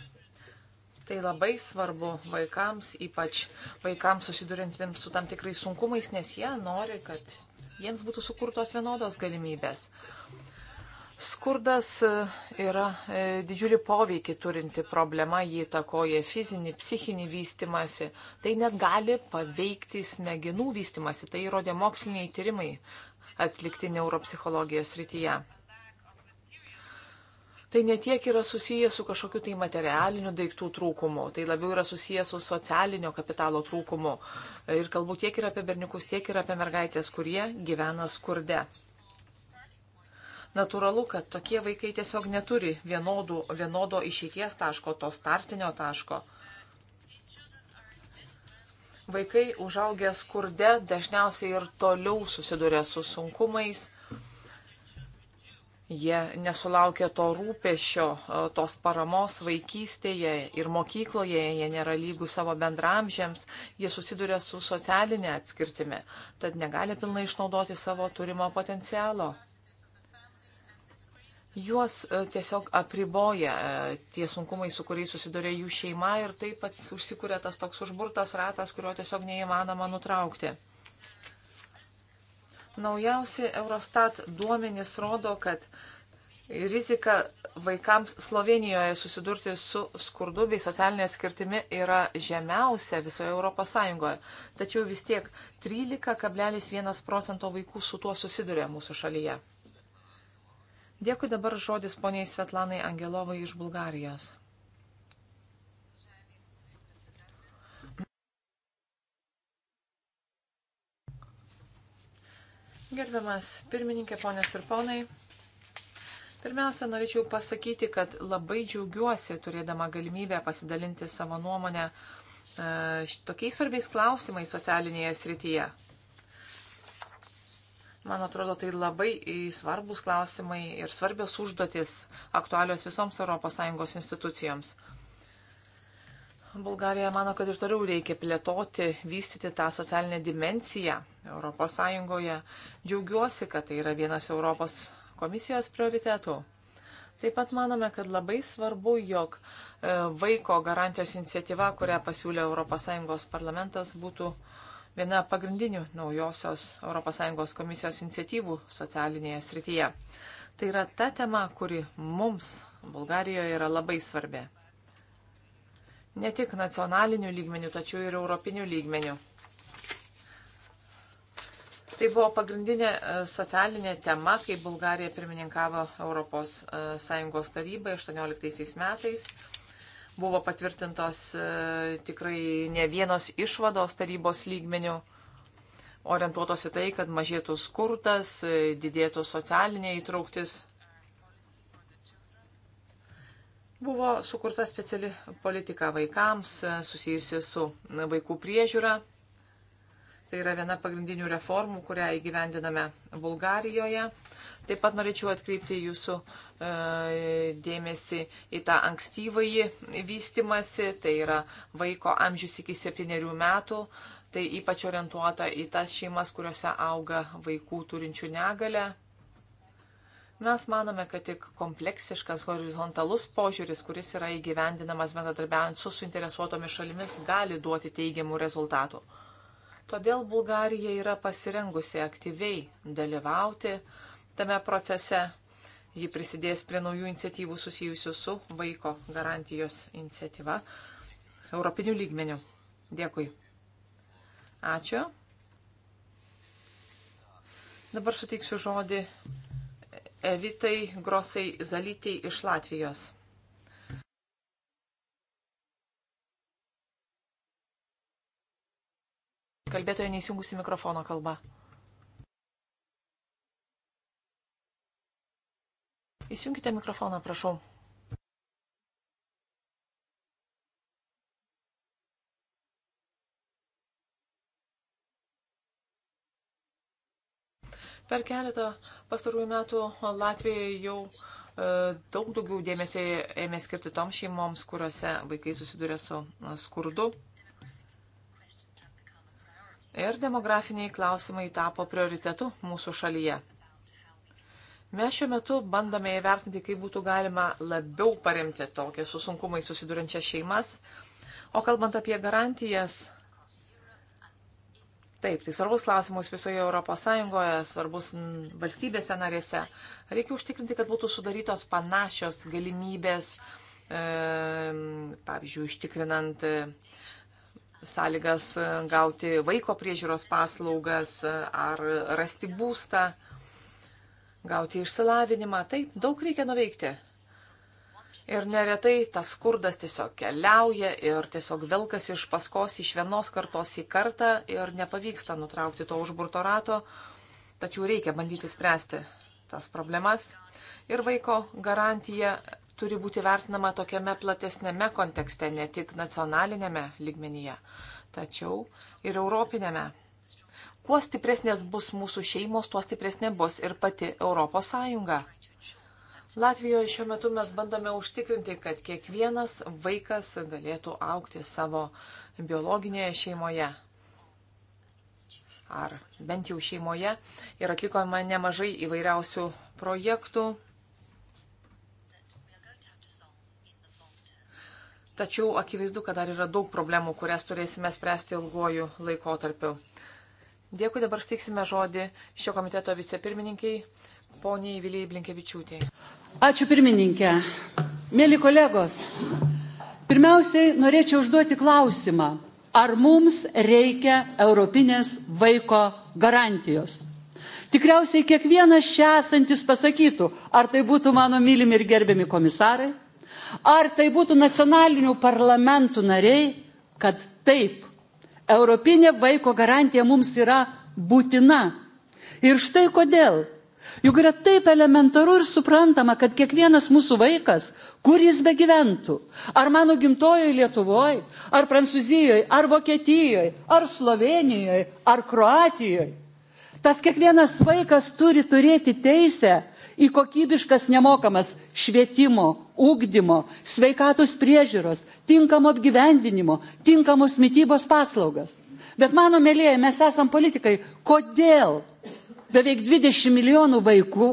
S2: Tai labai svarbu vaikams, ypač vaikams susidurintiems su tam tikrais sunkumais, nes jie nori, kad jiems būtų sukurtos vienodos galimybės. Skurdas e, yra e, didžiulį poveikį turinti problema, jį takoja fizinį, psichinį vystimasi. Tai net gali paveikti smegenų vystimasi, tai įrodė moksliniai tyrimai atlikti neuropsichologijos rytyje tai netiek yra susiję su kažkokiu tai materialiniu daiktų trūkumu, tai labiau yra susiję su socialinio kapitalo trūkumu. Ir kalbu tiek ir apie berniukus, tiek ir apie mergaitės, kurie gyvena skurde. Natūralu, kad tokie vaikai tiesiog neturi vienodų, vienodo išeities taško, to startinio taško. Vaikai užaugę skurde dažniausiai ir toliau susiduria su sunkumais, Jie nesulaukia to rūpešio, e, tos paramos vaikystėje ir mokykloje, jie nėra lygų savo bendramžiams, jie susiduria su socialinė atskirtimi, tad negali pilnai išnaudoti savo turimo potencialo. Juos e, tiesiog apriboja e, tie sunkumai, su kuriais susiduria jų šeima ir taip pat užsikūrė tas toks užburtas ratas, kurio tiesiog neįmanoma nutraukti. Naujausi Eurostat duomenys rodo, kad rizika vaikams Slovenijoje susidurti su skurdu bei socialinė skirtimi yra žemiausia visoje Europos Sąjungoje. Tačiau vis tiek 13,1 procento vaikų su tuo susiduria mūsų šalyje. Dėkui dabar žodis poniai Svetlanai Angelovai iš Bulgarijos. Gerbiamas pirmininkė, ponės ir ponai. Pirmiausia, norėčiau pasakyti, kad labai džiaugiuosi turėdama galimybę pasidalinti savo nuomonę e, tokiais svarbiais klausimais socialinėje srityje. Man atrodo, tai labai svarbus klausimai ir svarbios užduotis aktualios visoms ES institucijoms. Bulgarija mano, kad ir toliau reikia plėtoti, vystyti tą socialinę dimenciją ES. Džiaugiuosi, kad tai yra vienas Europos komisijos prioritetų. Taip pat manome, kad labai svarbu, jog e, vaiko garantijos iniciatyva, kurią pasiūlė ES parlamentas, būtų viena pagrindinių naujosios ES komisijos iniciatyvų socialinėje srityje. Tai yra ta tema, kuri mums Bulgarijoje yra labai svarbi ne tik nacionalinių lygmenių, tačiau ir europinių lygmenių. Tai buvo pagrindinė e, socialinė tema, kai Bulgarija pirmininkavo ES e, tarybai 18 metais. Buvo patvirtintos e, tikrai ne vienos išvados tarybos lygmenių, orientuotos į tai, kad mažėtų skurtas, didėtų socialinė įtrauktis. Buvo sukurta speciali politika vaikams e, susijusi su vaikų priežiūra. Tai yra viena pagrindinių reformų, kurią įgyvendiname Bulgarijoje. Taip pat norėčiau atkreipti jūsų e, dėmesį į tą ankstyvąjį vystimasi, tai yra vaiko amžius iki septyniarių metų. Tai ypač orientuota į tas šeimas, kuriuose auga vaikų turinčių negalę. Mes manome, kad tik kompleksiškas horizontalus požiūris, kuris yra įgyvendinamas bendradarbiaujant su suinteresuotomis šalimis, gali duoti teigiamų rezultatų. Todėl Bulgarija yra pasirengusi aktyviai dalyvauti tame procese. Ji prisidės prie naujų iniciatyvų susijusių su vaiko garantijos iniciatyva Europinių lygmenių. Dėkui. Ačiū. Dabar suteiksiu žodį Evitai Grosai Zalytei iš Latvijos. Kalbėtoje neįsijungusi mikrofono kalba. Įsijunkite mikrofoną, prašau. Per keletą pastarųjų metų Latvija jau e, daug daugiau dėmesio ėmė skirti toms šeimoms, kuriuose vaikai susiduria su e, skurdu. Ir demografiniai klausimai tapo prioritetu mūsų šalyje. Mes šiuo metu bandome įvertinti, kaip būtų galima labiau paremti tokias su sunkumai susidurinčias šeimas. O kalbant apie garantijas, Taip, tai svarbus klausimas visoje ES, svarbus valstybėse narėse. Reikia užtikrinti, kad būtų sudarytos panašios galimybės, e, pavyzdžiui, užtikrinant e, sąlygas e, gauti vaiko priežiūros paslaugas ar rasti būstą, gauti išsilavinimą. Taip, daug reikia nuveikti. Ir neretai tas skurdas tiesiog keliauja ir tiesiog vilkas iš paskos iš vienos kartos į kartą ir nepavyksta nutraukti to užburto rato, tačiau reikia bandyti spręsti tas problemas. Ir vaiko garantija turi būti vertinama tokiame platesnėme kontekste, ne tik nacionalinėme lygmenyje, tačiau ir europinėme. Kuo stipresnės bus mūsų šeimos, tuo stipresnė bus ir pati Europos Sąjunga. Latvijoje šiuo metu mes bandome užtikrinti, kad kiekvienas vaikas galėtų aukti savo biologinėje šeimoje. Ar bent jau šeimoje. Ir atlikome nemažai įvairiausių projektų. Tačiau akivaizdu, kad dar yra daug problemų, kurias turėsime spręsti ilguoju laikotarpiu. Dėkui, dabar steiksime žodį šio komiteto vicepirmininkiai poniai Vilijai Blinkevičiūtėjai.
S1: Ačiū pirmininkė. Mėly kolegos, pirmiausiai norėčiau užduoti klausimą, ar mums reikia Europinės vaiko garantijos. Tikriausiai kiekvienas čia esantis pasakytų, ar tai būtų mano mylimi ir gerbiami komisarai, ar tai būtų nacionalinių parlamentų nariai, kad taip, Europinė vaiko garantija mums yra būtina. Ir štai kodėl Juk yra taip elementaru ir suprantama, kad kiekvienas mūsų vaikas, kur jis begyventų, ar mano gimtojoje Lietuvoje, ar Prancūzijoje, ar Vokietijoje, ar Slovenijoje, ar Kroatijoje, tas kiekvienas vaikas turi turėti teisę į kokybiškas nemokamas švietimo, ūkdymo, sveikatos priežiūros, tinkamo apgyvendinimo, tinkamos mytybos paslaugas. Bet mano mėlyje, mes esam politikai, kodėl beveik 20 milijonų vaikų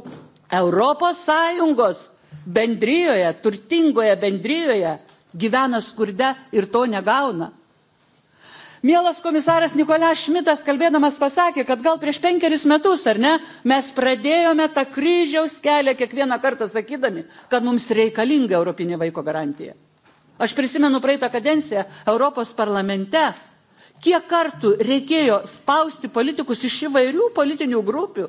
S1: Europos Sąjungos bendryjoje, turtingoje bendryjoje gyvena skurde ir to negauna. Mielas komisaras Nikolės Šmitas kalbėdamas pasakė, kad gal prieš penkeris metus, ar ne, mes pradėjome tą kryžiaus kelią kiekvieną kartą sakydami, kad mums reikalinga Europinė vaiko garantija. Aš prisimenu praeitą kadenciją Europos parlamente kiek kartų reikėjo spausti politikus iš įvairių politinių grupių,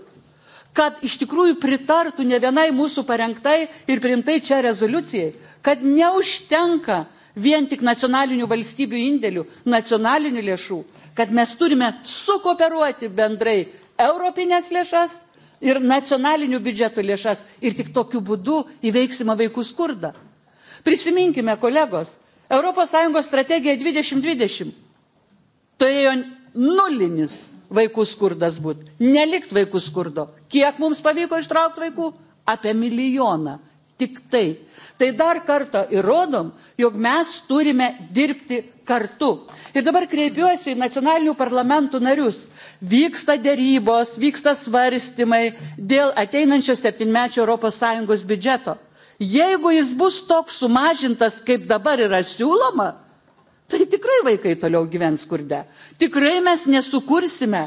S1: kad iš tikrųjų pritartų ne vienai mūsų parengtai ir priimtai čia rezoliucijai, kad neužtenka vien tik nacionalinių valstybių indėlių, nacionalinių lėšų, kad mes turime sukoperuoti bendrai europinės lėšas ir nacionalinių biudžetų lėšas ir tik tokiu būdu įveiksime vaikų skurdą. Prisiminkime, kolegos, ES strategija 2020 turėjo nulinis vaikų skurdas būti, nelikt vaikų skurdo. Kiek mums pavyko ištraukti vaikų? Apie milijoną. Tik tai. Tai dar kartą įrodom, jog mes turime dirbti kartu. Ir dabar kreipiuosi į nacionalinių parlamentų narius. Vyksta dėrybos, vyksta svarstymai dėl ateinančio septynmečio ES biudžeto. Jeigu jis bus toks sumažintas, kaip dabar yra siūloma, tai tikrai vaikai toliau gyvens skurde. Tikrai mes nesukursime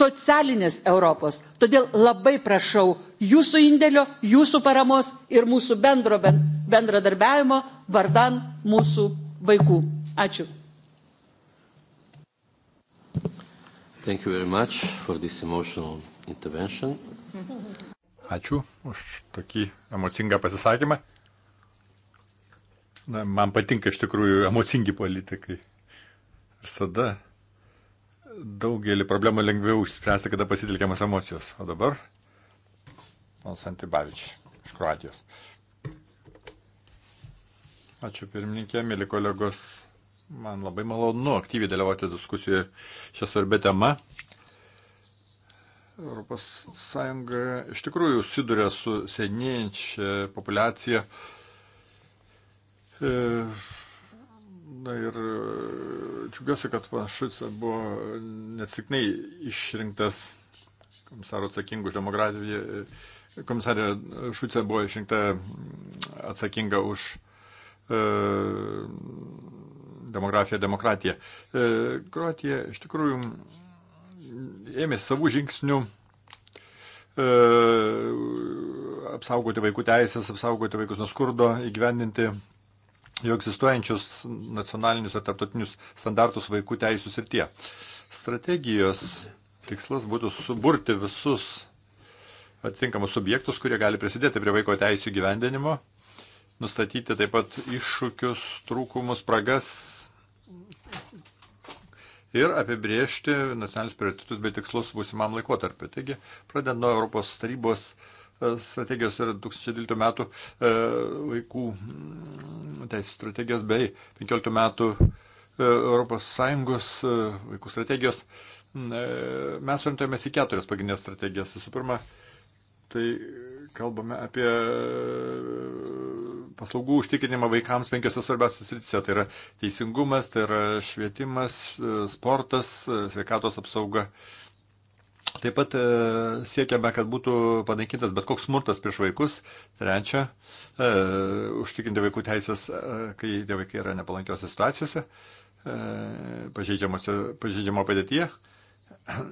S1: socialinės Europos. Todėl labai prašau jūsų indėlio, jūsų paramos ir mūsų bendro bendradarbiavimo vardan mūsų vaikų. Ačiū.
S3: Thank you very much for this emotional intervention. Ačiū už tokį emocingą pasisakymą. Na, man patinka iš tikrųjų emocingi politikai. Visada daugelį problemų lengviau išspręsti, kada pasitelkiamas emocijos. O dabar Mons Antibavič iš Kroatijos. Ačiū pirmininkė, mėly kolegos. Man labai malonu aktyviai dalyvauti diskusijoje šią svarbę temą. ES iš tikrųjų susiduria su senėjančia populiacija E, na ir e, džiugiuosi, kad Šuica buvo nesiknai išrinktas komisaro atsakingų už demokratiją. E, komisarė Šuica buvo išrinkta mm, atsakinga už e, demografiją, demokratiją. E, Kroatija iš tikrųjų mm, ėmėsi savų žingsnių e, apsaugoti vaikų teisės, apsaugoti vaikus nuo skurdo, įgyvendinti jau egzistuojančius nacionalinius ar tarptautinius standartus vaikų teisų srityje. Strategijos tikslas būtų suburti visus atitinkamus subjektus, kurie gali prisidėti prie vaiko teisų gyvendinimo, nustatyti taip pat iššūkius, trūkumus, spragas ir apibriežti nacionalinius prioritetus bei tikslus būsimam laikotarpiu. Taigi, pradedant nuo Europos tarybos strategijos ir 2012 metų e, vaikų mm, teisų strategijos bei 15 metų ES e, vaikų strategijos. Mm, e, mes orientuojamės į keturias pagrindinės strategijas. Visų pirma, tai kalbame apie paslaugų užtikrinimą vaikams penkiose svarbiausiose srityse. Tai yra teisingumas, tai yra švietimas, sportas, sveikatos apsauga. E, Taip pat e, siekiame, kad būtų panaikintas bet koks smurtas prieš vaikus. Trečia, e, užtikinti vaikų teisės, e, kai tie vaikai yra nepalankiose situacijose, e, pažeidžiamo padėtyje.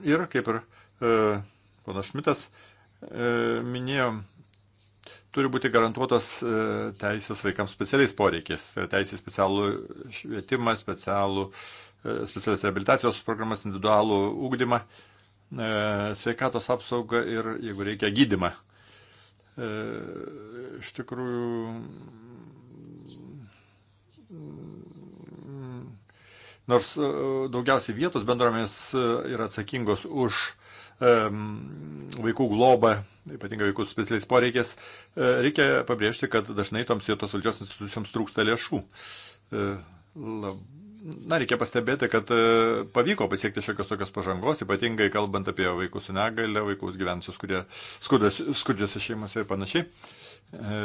S3: Ir kaip ir e, ponas Šmitas e, minėjo, turi būti garantuotos teisės vaikams specialiais poreikiais. Teisė specialų švietimą, specialų, specialias rehabilitacijos programas, individualų ūkdymą. E, E, sveikatos apsaugą ir, jeigu reikia, gydimą. E, iš tikrųjų, nors e, daugiausiai vietos bendruomenės yra atsakingos už vaikų globą, ypatingai vaikų su specialiais poreikės, reikia pabrėžti, kad dažnai toms vietos valdžios institucijoms trūksta lėšų. Lab Na, reikia pastebėti, kad e, pavyko pasiekti šiokios tokios pažangos, ypatingai kalbant apie vaikus su negale, vaikus gyvensius, kurie skurdžiose šeimose ir panašiai. E,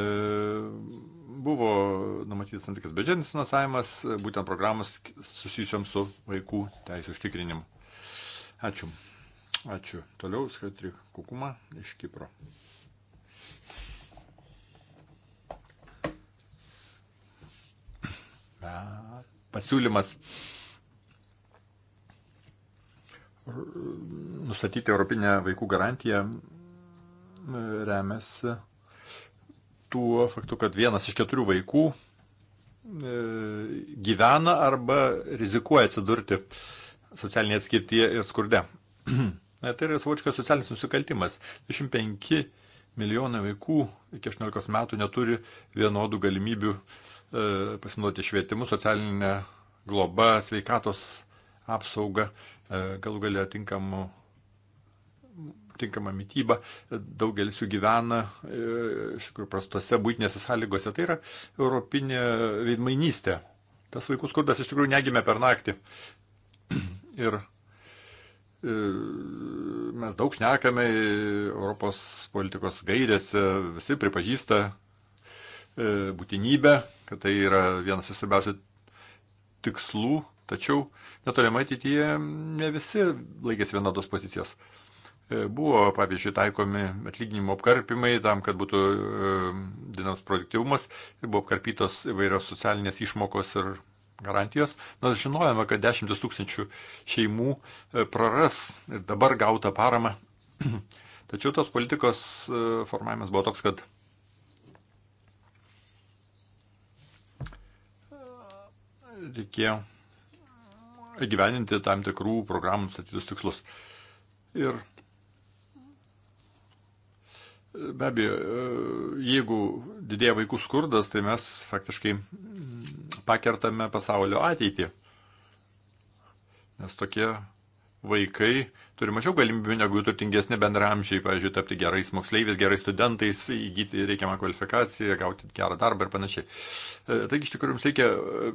S3: buvo numatytas tam tikras biudžetinis finansavimas, būtent programos susijusiam su vaikų teisų užtikrinimu. Ačiū. Ačiū. Toliau Skatri Kukuma iš Kipro. Bet pasiūlymas nustatyti Europinę vaikų garantiją e, remiasi tuo faktu, kad vienas iš keturių vaikų e, gyvena arba rizikuoja atsidurti socialinėje atskirtyje ir skurde. tai yra savotiškas socialinis nusikaltimas. 25 milijonai vaikų iki 18 metų neturi vienodų galimybių E, pasinaudoti švietimu, socialinę globą, sveikatos apsaugą, e, galų galia tinkamų tinkama mytyba, daugelis jų gyvena e, iš tikrųjų prastose būtinėse sąlygose. Tai yra europinė veidmainystė. Tas vaikų skurdas iš tikrųjų negimė per naktį. Ir mes daug šnekame, Europos politikos gairėse visi pripažįsta E, būtinybę, kad tai yra vienas iš svarbiausių tikslų, tačiau netolimai ateityje ne visi laikėsi vienodos pozicijos. E, buvo, pavyzdžiui, taikomi atlyginimo apkarpimai tam, kad būtų e, dinamas produktivumas, buvo apkarpytos įvairios socialinės išmokos ir garantijos, nors žinojame, kad dešimtis tūkstančių šeimų praras ir dabar gautą paramą. Tačiau tos politikos formavimas buvo toks, kad reikėjo įgyveninti tam tikrų programų statytus tikslus. Ir be abejo, jeigu didėja vaikų skurdas, tai mes faktiškai pakertame pasaulio ateitį. Nes tokie vaikai turi mažiau galimybių negu turtingesni bendramžiai, pavyzdžiui, tapti gerais moksleiviais, gerais studentais, įgyti reikiamą kvalifikaciją, gauti gerą darbą ir panašiai. E, taigi iš tikrųjų jums reikia e,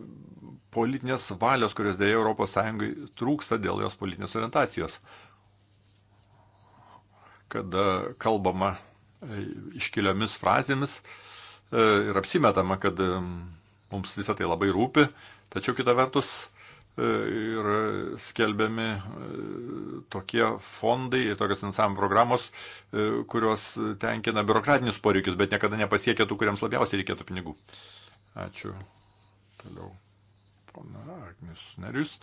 S3: politinės valios, kurios dėja ES trūksta dėl jos politinės orientacijos. Kada kalbama e, iškiliomis frazėmis ir apsimetama, kad mums visą tai labai rūpi, tačiau kita vertus, yra e, skelbiami e, tokie fondai ir tokios finansavimo programos, e, kurios tenkina biurokratinius poreikius, bet niekada nepasiekia tų, kuriems labiausiai reikėtų pinigų. Ačiū. Toliau. Pana Agnius Nerius,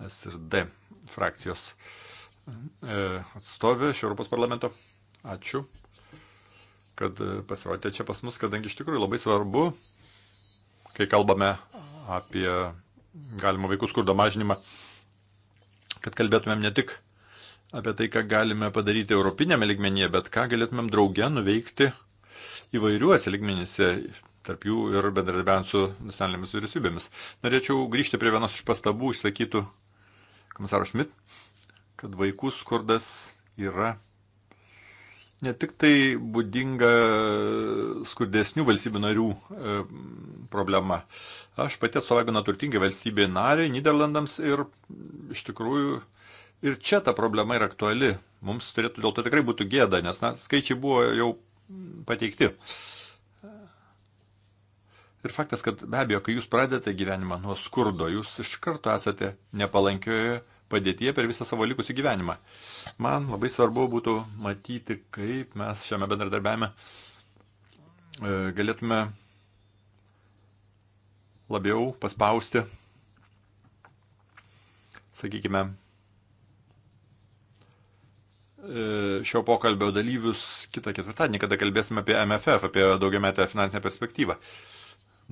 S3: SRD frakcijos atstovė iš Europos parlamento. Ačiū, kad pasirodėte čia pas mus, kadangi iš tikrųjų labai svarbu, kai kalbame apie galima vaikų skurdo mažinimą, kad kalbėtumėm ne tik apie tai, ką galime padaryti europinėme ligmenyje, bet ką galėtumėm drauge nuveikti įvairiuose ligmenyse, tarp jų ir bendradarbiavant su nacionalinėmis vyriausybėmis. Norėčiau grįžti prie vienos iš pastabų išsakytų komisaro Šmit, kad vaikų skurdas yra ne tik tai būdinga skurdesnių valstybių narių e, problema. Aš pati atstovauju neturtingai valstybė nariai Niderlandams ir iš tikrųjų ir čia ta problema yra aktuali. Mums turėtų dėl to tikrai būtų gėda, nes na, skaičiai buvo jau pateikti. Ir faktas, kad be abejo, kai jūs pradedate gyvenimą nuo skurdo, jūs iš karto esate nepalankioje padėtyje per visą savo likusį gyvenimą. Man labai svarbu būtų matyti, kaip mes šiame bendradarbiavime e, galėtume labiau paspausti, sakykime, e, šio pokalbio dalyvius kitą ketvirtadienį, kada kalbėsime apie MFF, apie daugiametę finansinę perspektyvą,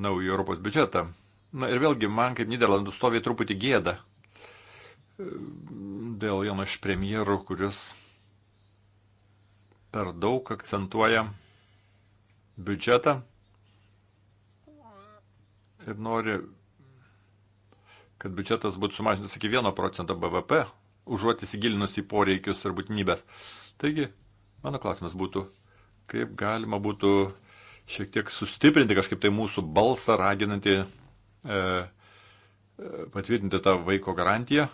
S3: naują Europos biudžetą. Na ir vėlgi, man kaip Niderlandų stovi truputį gėda dėl vieno iš premjerų, kuris per daug akcentuoja biudžetą ir nori, kad biudžetas būtų sumažintas iki 1 procento BVP, užuot įsigilinus į poreikius ir būtinybės. Taigi, mano klausimas būtų, kaip galima būtų šiek tiek sustiprinti kažkaip tai mūsų balsą raginantį e, e patvirtinti tą vaiko garantiją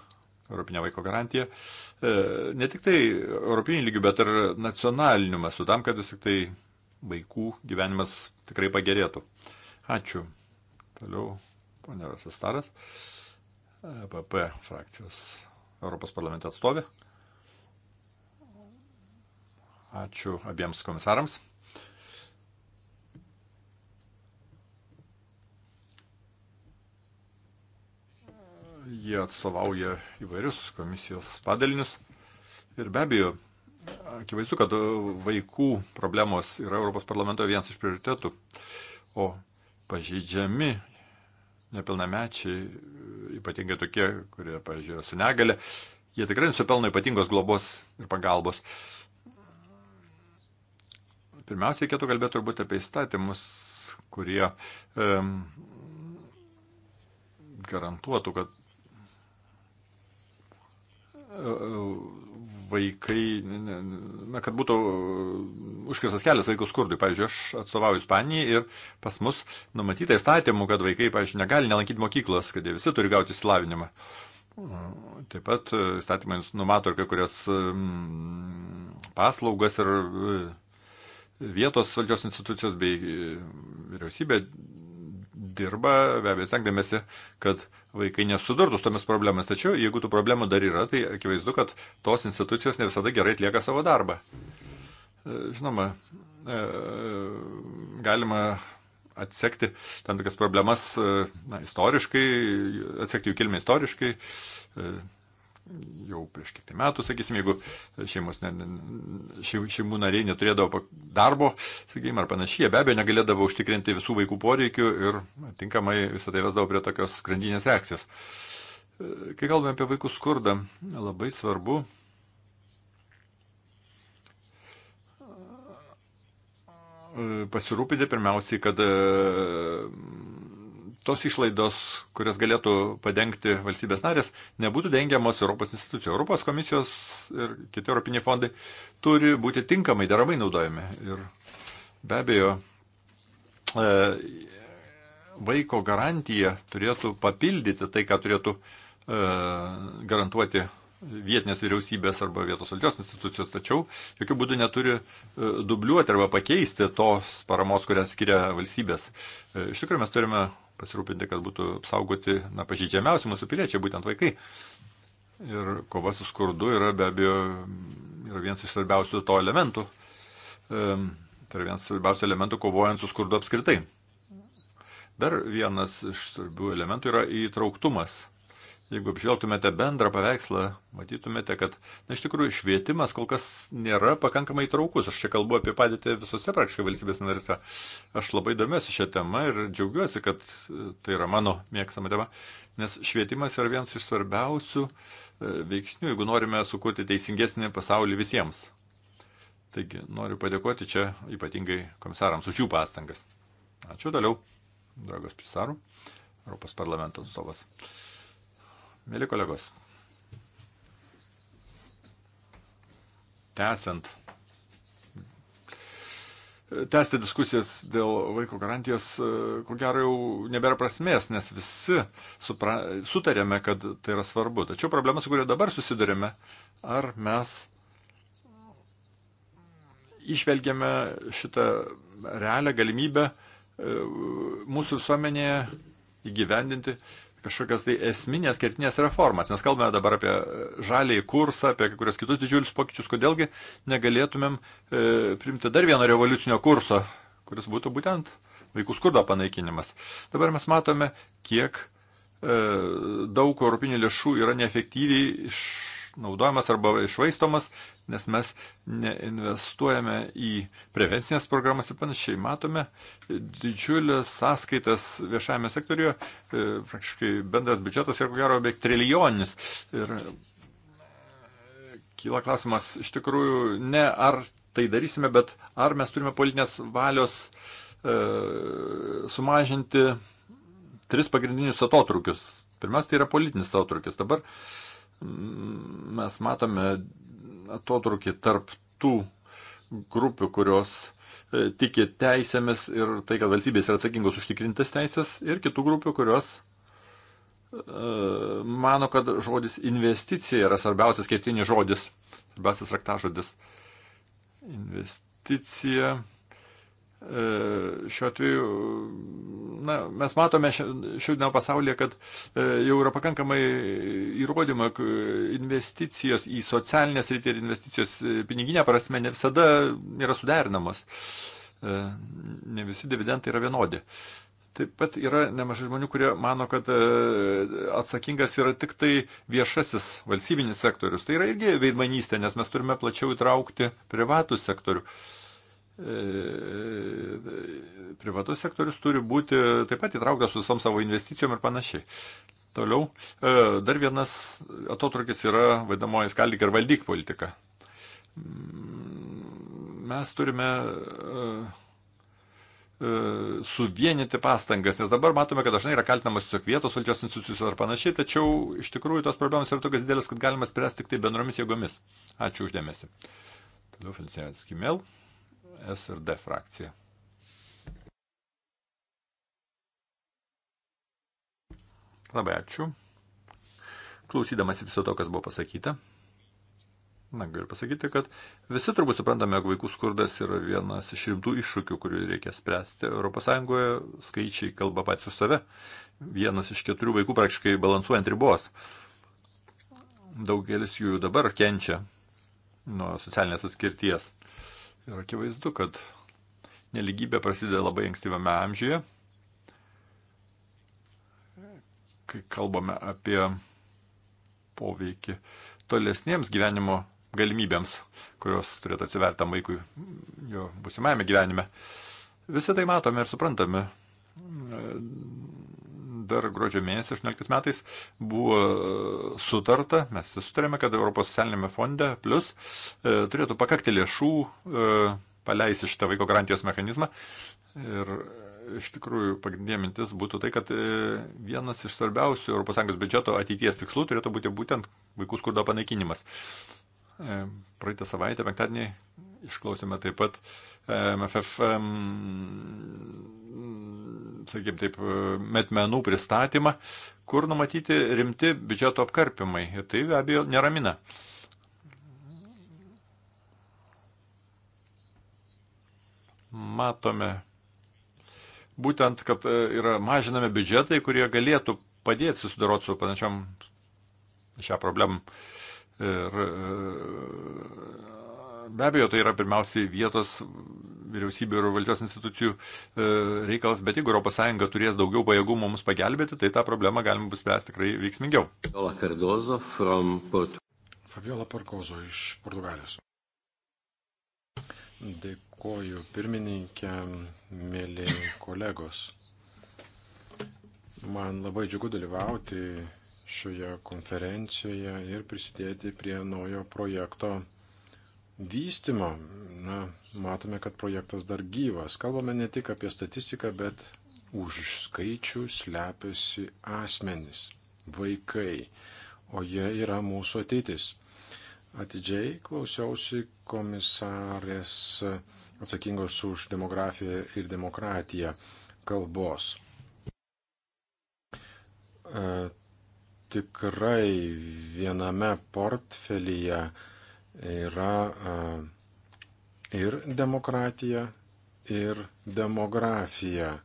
S3: Europinė vaiko garantija, e, ne tik tai europinių lygių, bet ir nacionalinių mastų, tam, kad vis tik tai vaikų gyvenimas tikrai pagerėtų. Ačiū. Toliau, ponė Rasistaras, PP e frakcijos Europos parlamento atstovė. Ačiū abiems komisarams. Jie atstovauja įvairius komisijos padalinius. Ir be abejo, akivaizdu, kad vaikų problemos yra Europos parlamento vienas iš prioritetų. O pažeidžiami nepilnamečiai, ypatingai tokie, kurie, pavyzdžiui, su negale, jie tikrai nusipelno ypatingos globos ir pagalbos. Pirmiausia, reikėtų kalbėti turbūt apie įstatymus, kurie um, garantuotų, kad vaikai, na, kad būtų uh, užkirstas kelias vaikų skurdui. Pavyzdžiui, aš atstovauju Ispanijai ir pas mus numatyta įstatymų, kad vaikai, pavyzdžiui, negali nelankyti mokyklos, kad jie visi turi gauti įsilavinimą. Uh, taip pat uh, įstatymai numato ir kai kurias um, paslaugas ir vietos valdžios institucijos bei vyriausybė dirba, be abejo, stengdamėsi, kad vaikai nesudurtų su tomis problemas. Tačiau jeigu tų problemų dar yra, tai akivaizdu, kad tos institucijos ne visada gerai atlieka savo darbą. E, žinoma, e, galima atsekti tam tikras problemas e, na, istoriškai, atsekti jų kilmę istoriškai, jau prieš kitą tai metų, sakysim, jeigu šeimos, ne, šeimų nariai neturėdavo darbo, sakykim, ar panašiai, be abejo negalėdavo užtikrinti visų vaikų poreikių ir tinkamai visą tai vesdavo prie tokios grandinės reakcijos. Kai kalbame apie vaikų skurdą, labai svarbu e, pasirūpinti pirmiausiai, kad e, tos išlaidos, kurias galėtų padengti valstybės narės, nebūtų dengiamos Europos institucijų. Europos komisijos ir kiti europiniai fondai turi būti tinkamai, deramai naudojami. Ir be abejo, e, vaiko garantija turėtų papildyti tai, ką turėtų e, garantuoti vietinės vyriausybės arba vietos valdžios institucijos, tačiau jokių būdų neturi e, dubliuoti arba pakeisti tos paramos, kurią skiria valstybės. Iš tikrųjų, mes turime pasirūpinti, kad būtų apsaugoti na, pažydžiamiausi mūsų piliečiai, būtent vaikai. Ir kova su skurdu yra be abejo yra vienas iš svarbiausių to elementų. Um, tai yra vienas svarbiausių elementų kovojant su skurdu apskritai. Dar vienas iš svarbių elementų yra įtrauktumas jeigu apžvelgtumėte bendrą paveikslą, matytumėte, kad, na, iš tikrųjų, švietimas kol kas nėra pakankamai įtraukus. Aš čia kalbu apie padėtį visose praktiškai valstybės narėse. Aš labai domiuosi šią temą ir džiaugiuosi, kad e, tai yra mano mėgstama tema, nes švietimas yra vienas iš svarbiausių e, veiksnių, jeigu norime sukurti teisingesnį pasaulį visiems. Taigi, noriu padėkoti čia ypatingai komisarams už jų pastangas. Ačiū toliau, dragas Pisaru, Europos parlamento atstovas. Mėly kolegos, tęsiant, tęsti diskusijas dėl vaiko garantijos, ko gero jau nebėra prasmės, nes visi supra, sutarėme, kad tai yra svarbu. Tačiau problema, su kuria dabar susidurėme, ar mes išvelgiame šitą realią galimybę e, mūsų visuomenėje įgyvendinti kažkokias tai esminės, kertinės reformas. Mes kalbame dabar apie e, žaliai kursą, apie kai kurios kitus didžiulius pokyčius, kodėlgi negalėtumėm e, primti dar vieno revoliucinio kurso, kuris būtų būtent vaikų skurdo panaikinimas. Dabar mes matome, kiek e, daug europinių lėšų yra neefektyviai iš naudojamas arba išvaistomas, nes mes neinvestuojame į prevencinės programas ir panašiai. Matome didžiulės sąskaitas viešajame sektorijoje, e, praktiškai bendras biudžetas yra ko gero beveik trilijoninis. Ir e, kyla klausimas iš tikrųjų ne ar tai darysime, bet ar mes turime politinės valios e, sumažinti tris pagrindinius atotrukius. Pirmiausia, tai yra politinis atotrukis. Dabar e, mes matome atotrukį tarp tų grupių, kurios e, tiki teisėmis ir tai, kad valstybės yra atsakingos užtikrintas teisės, ir kitų grupių, kurios e, mano, kad žodis investicija yra svarbiausias kertinis žodis, svarbiausias raktažodis. Investicija. E, šiuo atveju, na, mes matome šiandien pasaulyje, kad e, jau yra pakankamai įrodymą, investicijos į socialinę sritį ir investicijos e, piniginę prasme ne visada yra suderinamos. Ne visi dividendai yra vienodi. Taip pat yra nemažai žmonių, kurie mano, kad atsakingas yra tik tai viešasis valstybinis sektorius. Tai yra irgi veidmanystė, nes mes turime plačiau įtraukti privatų sektorių. Uh, E, privatus sektorius turi būti taip pat įtrauktas su visom savo investicijom ir panašiai. Toliau, e, dar vienas atotrukis yra vadinamoji skaldyk ir valdyk politika. Mes turime e, suvienyti pastangas, nes dabar matome, kad dažnai yra kaltinamas tiesiog vietos valdžios institucijos ar panašiai, tačiau iš tikrųjų tos problemos yra tokios didelės, kad galima spręsti tik tai bendromis jėgomis. Ačiū uždėmesi. Toliau Felicijanas Kimel. SRD frakcija. Labai ačiū. Klausydamas viso to, kas buvo pasakyta, na, galiu pasakyti, kad visi turbūt suprantame, jog vaikų skurdas yra vienas iš rimtų iššūkių, kurį reikia spręsti. ES skaičiai kalba pats su save. Vienas iš keturių vaikų praktiškai balansuojant ribos. Daugelis jų dabar kenčia nuo socialinės atskirties. Ir akivaizdu, kad neligybė prasideda labai ankstyvame amžiuje. Kai kalbame apie poveikį tolesniems gyvenimo galimybėms, kurios turėtų atsiverti tam vaikui jo busimajame gyvenime. Visą tai matome ir suprantame dar gruodžio mėnesį 18 metais buvo e, sutarta, mes sutarėme, kad Europos socialinėme fonde plus e, turėtų pakakti lėšų e, paleisti šitą vaiko garantijos mechanizmą. Ir iš tikrųjų pagrindinė mintis būtų tai, kad vienas iš svarbiausių ES biudžeto ateities tikslų turėtų būti būtent vaikų skurdo panaikinimas. Praeitą savaitę, penktadienį, Išklausėme taip pat MFF, sakykime taip, metmenų pristatymą, kur numatyti rimti biudžeto apkarpimai. Ir tai be abejo neramina. Matome būtent, kad e, yra mažinami biudžetai, kurie galėtų padėti susidoroti su panašiam šią problemą. Ir e, Be abejo, tai yra pirmiausiai vietos vyriausybių ir valdžios institucijų e, reikalas, bet jeigu ES turės daugiau pajėgumų mums pagelbėti, tai tą problemą galima bus spręsti tikrai veiksmingiau.
S4: Fabiola Parkozo iš Portugalijos. Dėkoju pirmininkė, mėly kolegos. Man labai džiugu dalyvauti šioje konferencijoje ir prisidėti prie naujo projekto vystimo, na, matome, kad projektas dar gyvas. Kalbame ne tik apie statistiką, bet už skaičių slepiasi asmenys, vaikai, o jie yra mūsų ateitis. Atidžiai klausiausi komisarės atsakingos už demografiją ir demokratiją kalbos. E, tikrai viename portfelyje yra ir demokratija, ir demografija.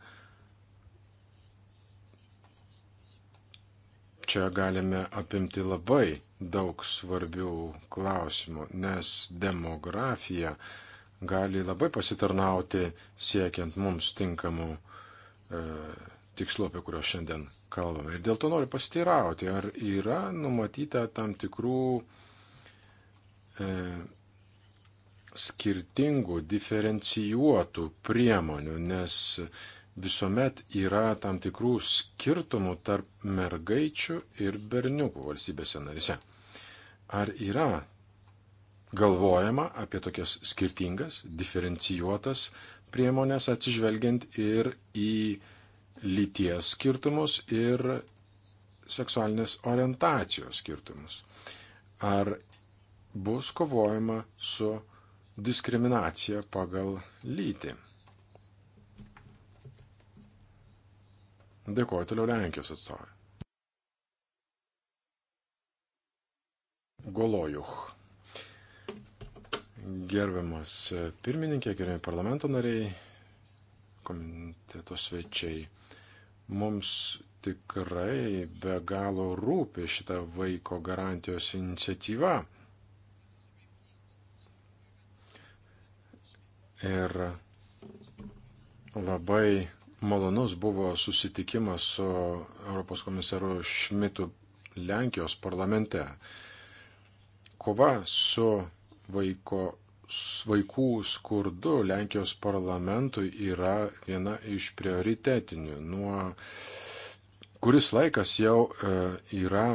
S4: Čia galime apimti labai daug svarbių klausimų, nes demografija gali labai pasitarnauti siekiant mums tinkamų e, tikslų, apie kuriuos šiandien kalbame. Ir dėl to noriu pasiteirauti, ar yra numatyta tam tikrų e, E, skirtingų, diferencijuotų priemonių, nes visuomet yra tam tikrų skirtumų tarp mergaičių ir berniukų valstybėse narise. Ar yra galvojama apie tokias skirtingas, diferencijuotas priemonės atsižvelgiant ir į lyties skirtumus ir seksualinės orientacijos skirtumus? Ar bus kovojama su diskriminacija pagal lytį. Dėkuoju toliau Lenkijos atstovai. Golojuch. Gerbiamas pirmininkė, gerbiami parlamento nariai, komiteto svečiai, mums tikrai be galo rūpi šita vaiko garantijos iniciatyva. Ir labai malonus buvo susitikimas su Europos komisaru Šmitu Lenkijos parlamente. Kova su vaiko, vaikų skurdu Lenkijos parlamentui yra viena iš prioritetinių. Nuo kuris laikas jau e, yra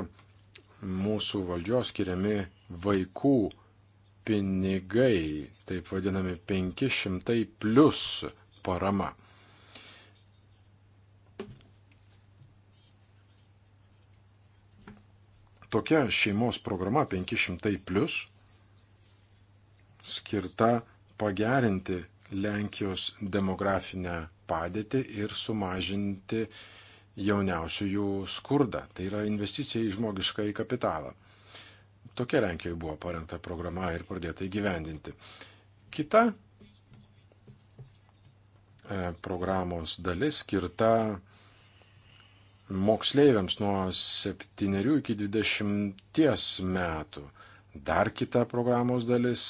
S4: mūsų valdžios skiriami vaikų pinigai, taip vadinami 500 plus parama. Tokia šeimos programa 500 plus skirta pagerinti Lenkijos demografinę padėtį ir sumažinti jauniausiųjų skurdą. Tai yra investicija į žmogišką į kapitalą. Tokia Lenkijoje buvo parengta programa ir pradėta įgyvendinti. Kita e, programos dalis skirta moksleiviams nuo 7 iki 20 metų. Dar kita programos dalis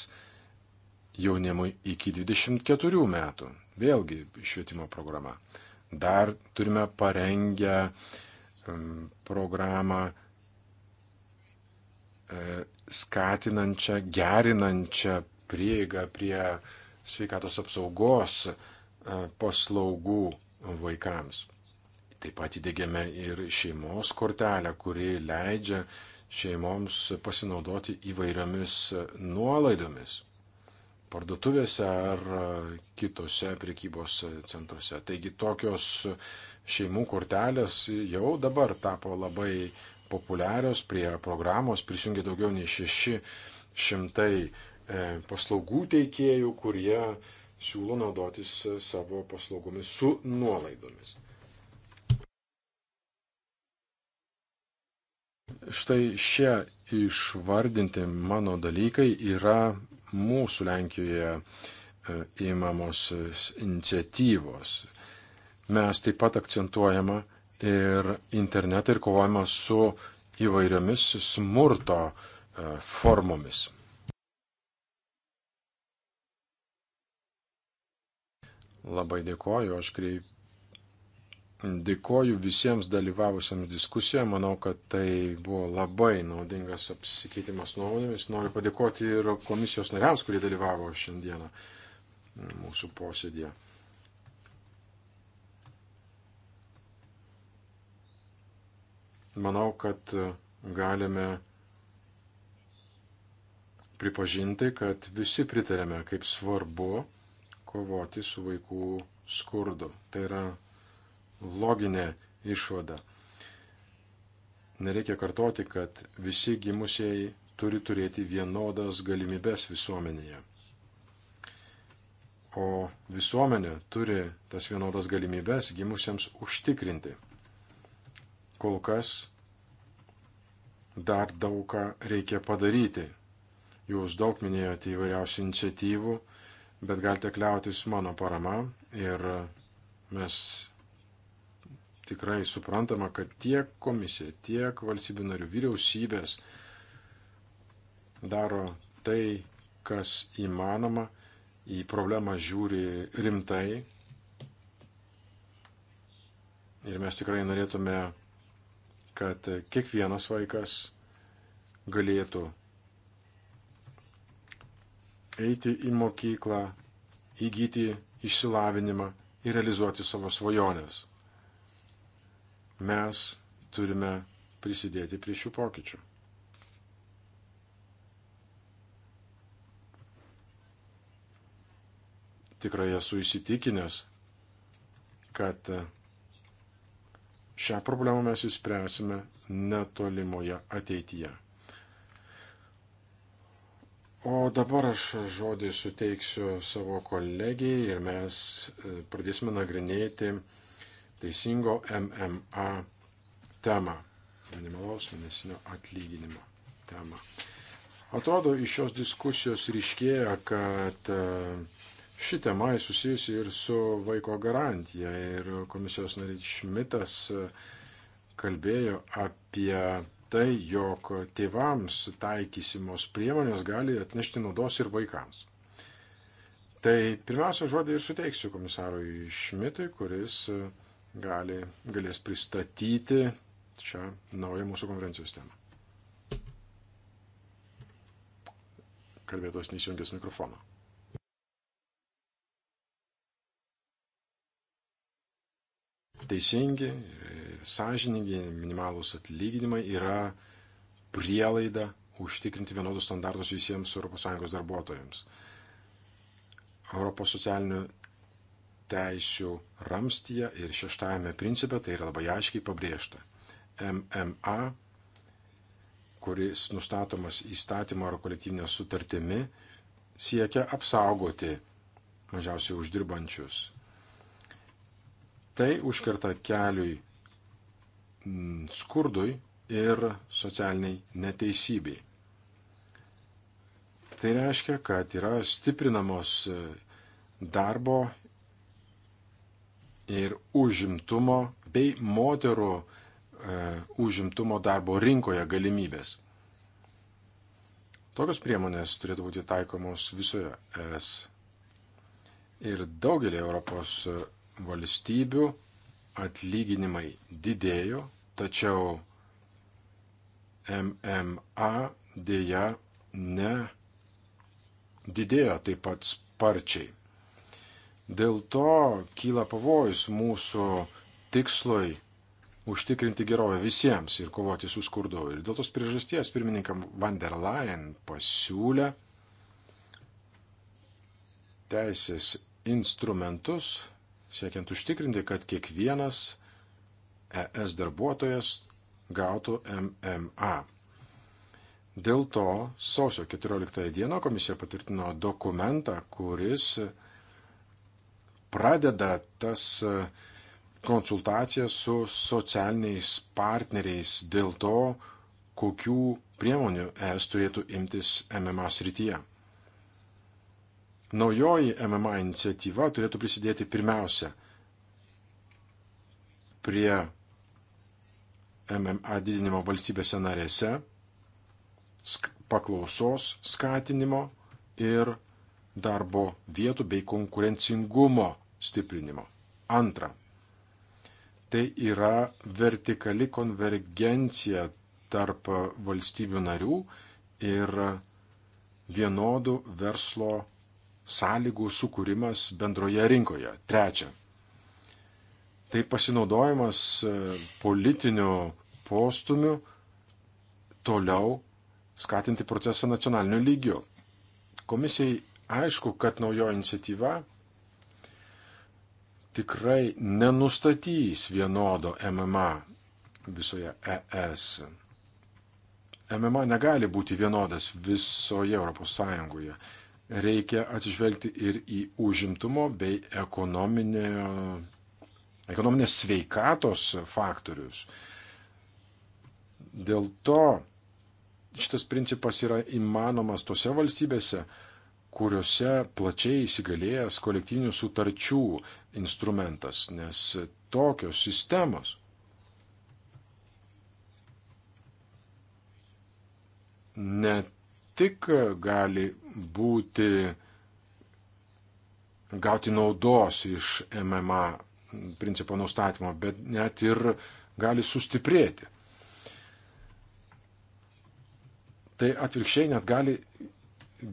S4: jaunimui iki 24 metų. Vėlgi švietimo programa. Dar turime parengę programą E, skatinančią, gerinančią prieigą prie sveikatos apsaugos e, paslaugų vaikams. Taip pat įdėgėme ir šeimos kortelę, kuri leidžia šeimoms pasinaudoti įvairiomis nuolaidomis parduotuvėse ar kitose priekybos centruose. Taigi tokios šeimų kortelės jau dabar tapo labai populiarios, prie programos prisijungia daugiau nei 600 e, paslaugų teikėjų, kurie siūlo naudotis e, savo paslaugomis su nuolaidomis. Štai šie išvardinti mano dalykai yra mūsų Lenkijoje įmamos e, iniciatyvos. Mes taip pat akcentuojama ir internetą ir kovojama su įvairiomis smurto e, formomis. Labai dėkoju, aš kreipiu. Dėkoju visiems dalyvavusiems diskusijoje, manau, kad tai buvo labai naudingas apsikeitimas nuomonėmis. Noriu padėkoti ir komisijos nariams, kurie dalyvavo šiandieną mūsų posėdėje. manau, kad e, galime pripažinti, kad visi pritarėme, kaip svarbu kovoti su vaikų skurdu. Tai yra loginė išvada. Nereikia kartoti, kad visi gimusieji turi turėti vienodas galimybės visuomenėje. O visuomenė turi tas vienodas galimybės gimusiems užtikrinti kol kas dar daug ką reikia padaryti. Jūs daug minėjote įvairiausių iniciatyvų, bet galite kliautis mano parama ir mes tikrai suprantama, kad tiek komisija, tiek valstybių narių vyriausybės daro tai, kas įmanoma, į problemą žiūri rimtai. Ir mes tikrai norėtume kad kiekvienas vaikas galėtų eiti į mokyklą, įgyti išsilavinimą ir realizuoti savo svajonės. Mes turime prisidėti prie šių pokyčių. Tikrai esu įsitikinęs, kad Šią problemą mes įspręsime netolimoje ateityje. O dabar aš žodį suteiksiu savo kolegijai ir mes e, pradėsime nagrinėti teisingo MMA temą, minimalaus mėnesinio atlyginimo temą. Atrodo, iš šios diskusijos ryškėja, kad uh, Ši tema susijusi ir su vaiko garantija ir komisijos narys Šmitas e, kalbėjo apie tai, jog tėvams taikysimos priemonės gali atnešti naudos ir vaikams. Tai pirmiausia, žodį ir suteiksiu komisarui Šmitui, kuris e, gali, galės pristatyti čia naują mūsų konferencijos temą. Kalbėtos neįsijungęs mikrofoną. teisingi, sąžiningi, minimalūs atlyginimai yra prielaida užtikrinti vienodus standartus visiems ES darbuotojams. Europos socialinių teisių ramstyje ir šeštajame principe tai yra labai aiškiai pabrėžta. MMA, kuris nustatomas įstatymo ar kolektyvinė sutartimi, siekia apsaugoti mažiausiai uždirbančius Tai užkerta keliui mm, skurdui ir socialiniai neteisybei. Tai reiškia, kad yra stiprinamos e, darbo ir užimtumo bei moterų e, užimtumo darbo rinkoje galimybės. Tokios priemonės turėtų būti taikomos visoje ES. Ir daugelį Europos e, valstybių atlyginimai didėjo, tačiau MMA dėja ne didėjo taip pat sparčiai. Dėl to kyla pavojus mūsų tikslui užtikrinti gerovę visiems ir kovoti su skurdu. Ir dėl tos priežasties pirmininkam van der Leyen pasiūlė teisės instrumentus siekiant užtikrinti, kad kiekvienas ES darbuotojas gautų MMA. Dėl to sausio 14 dieną komisija patvirtino dokumentą, kuris pradeda tas e, konsultacijas su socialiniais partneriais dėl to, kokių priemonių ES turėtų imtis MMA srityje. Naujoji MMA iniciatyva turėtų prisidėti pirmiausia prie MMA didinimo valstybėse narėse, paklausos skatinimo ir darbo vietų bei konkurencingumo stiprinimo. Antra, tai yra vertikali konvergencija tarp valstybių narių ir vienodų verslo sąlygų sukūrimas bendroje rinkoje. Trečia, tai pasinaudojimas e, politiniu postumiu toliau skatinti procesą nacionaliniu lygiu. Komisijai aišku, kad naujo iniciatyva tikrai nenustatys vienodo MMA visoje ES. MMA negali būti vienodas visoje ES reikia atsižvelgti ir į užimtumo bei ekonominės sveikatos faktorius. Dėl to šitas principas yra įmanomas tose valstybėse, kuriuose plačiai įsigalėjęs kolektyvinių sutarčių instrumentas, nes tokios sistemos ne tik gali būti, gauti naudos iš MMA principo nustatymo, bet net ir gali sustiprėti. Tai atvirkščiai net gali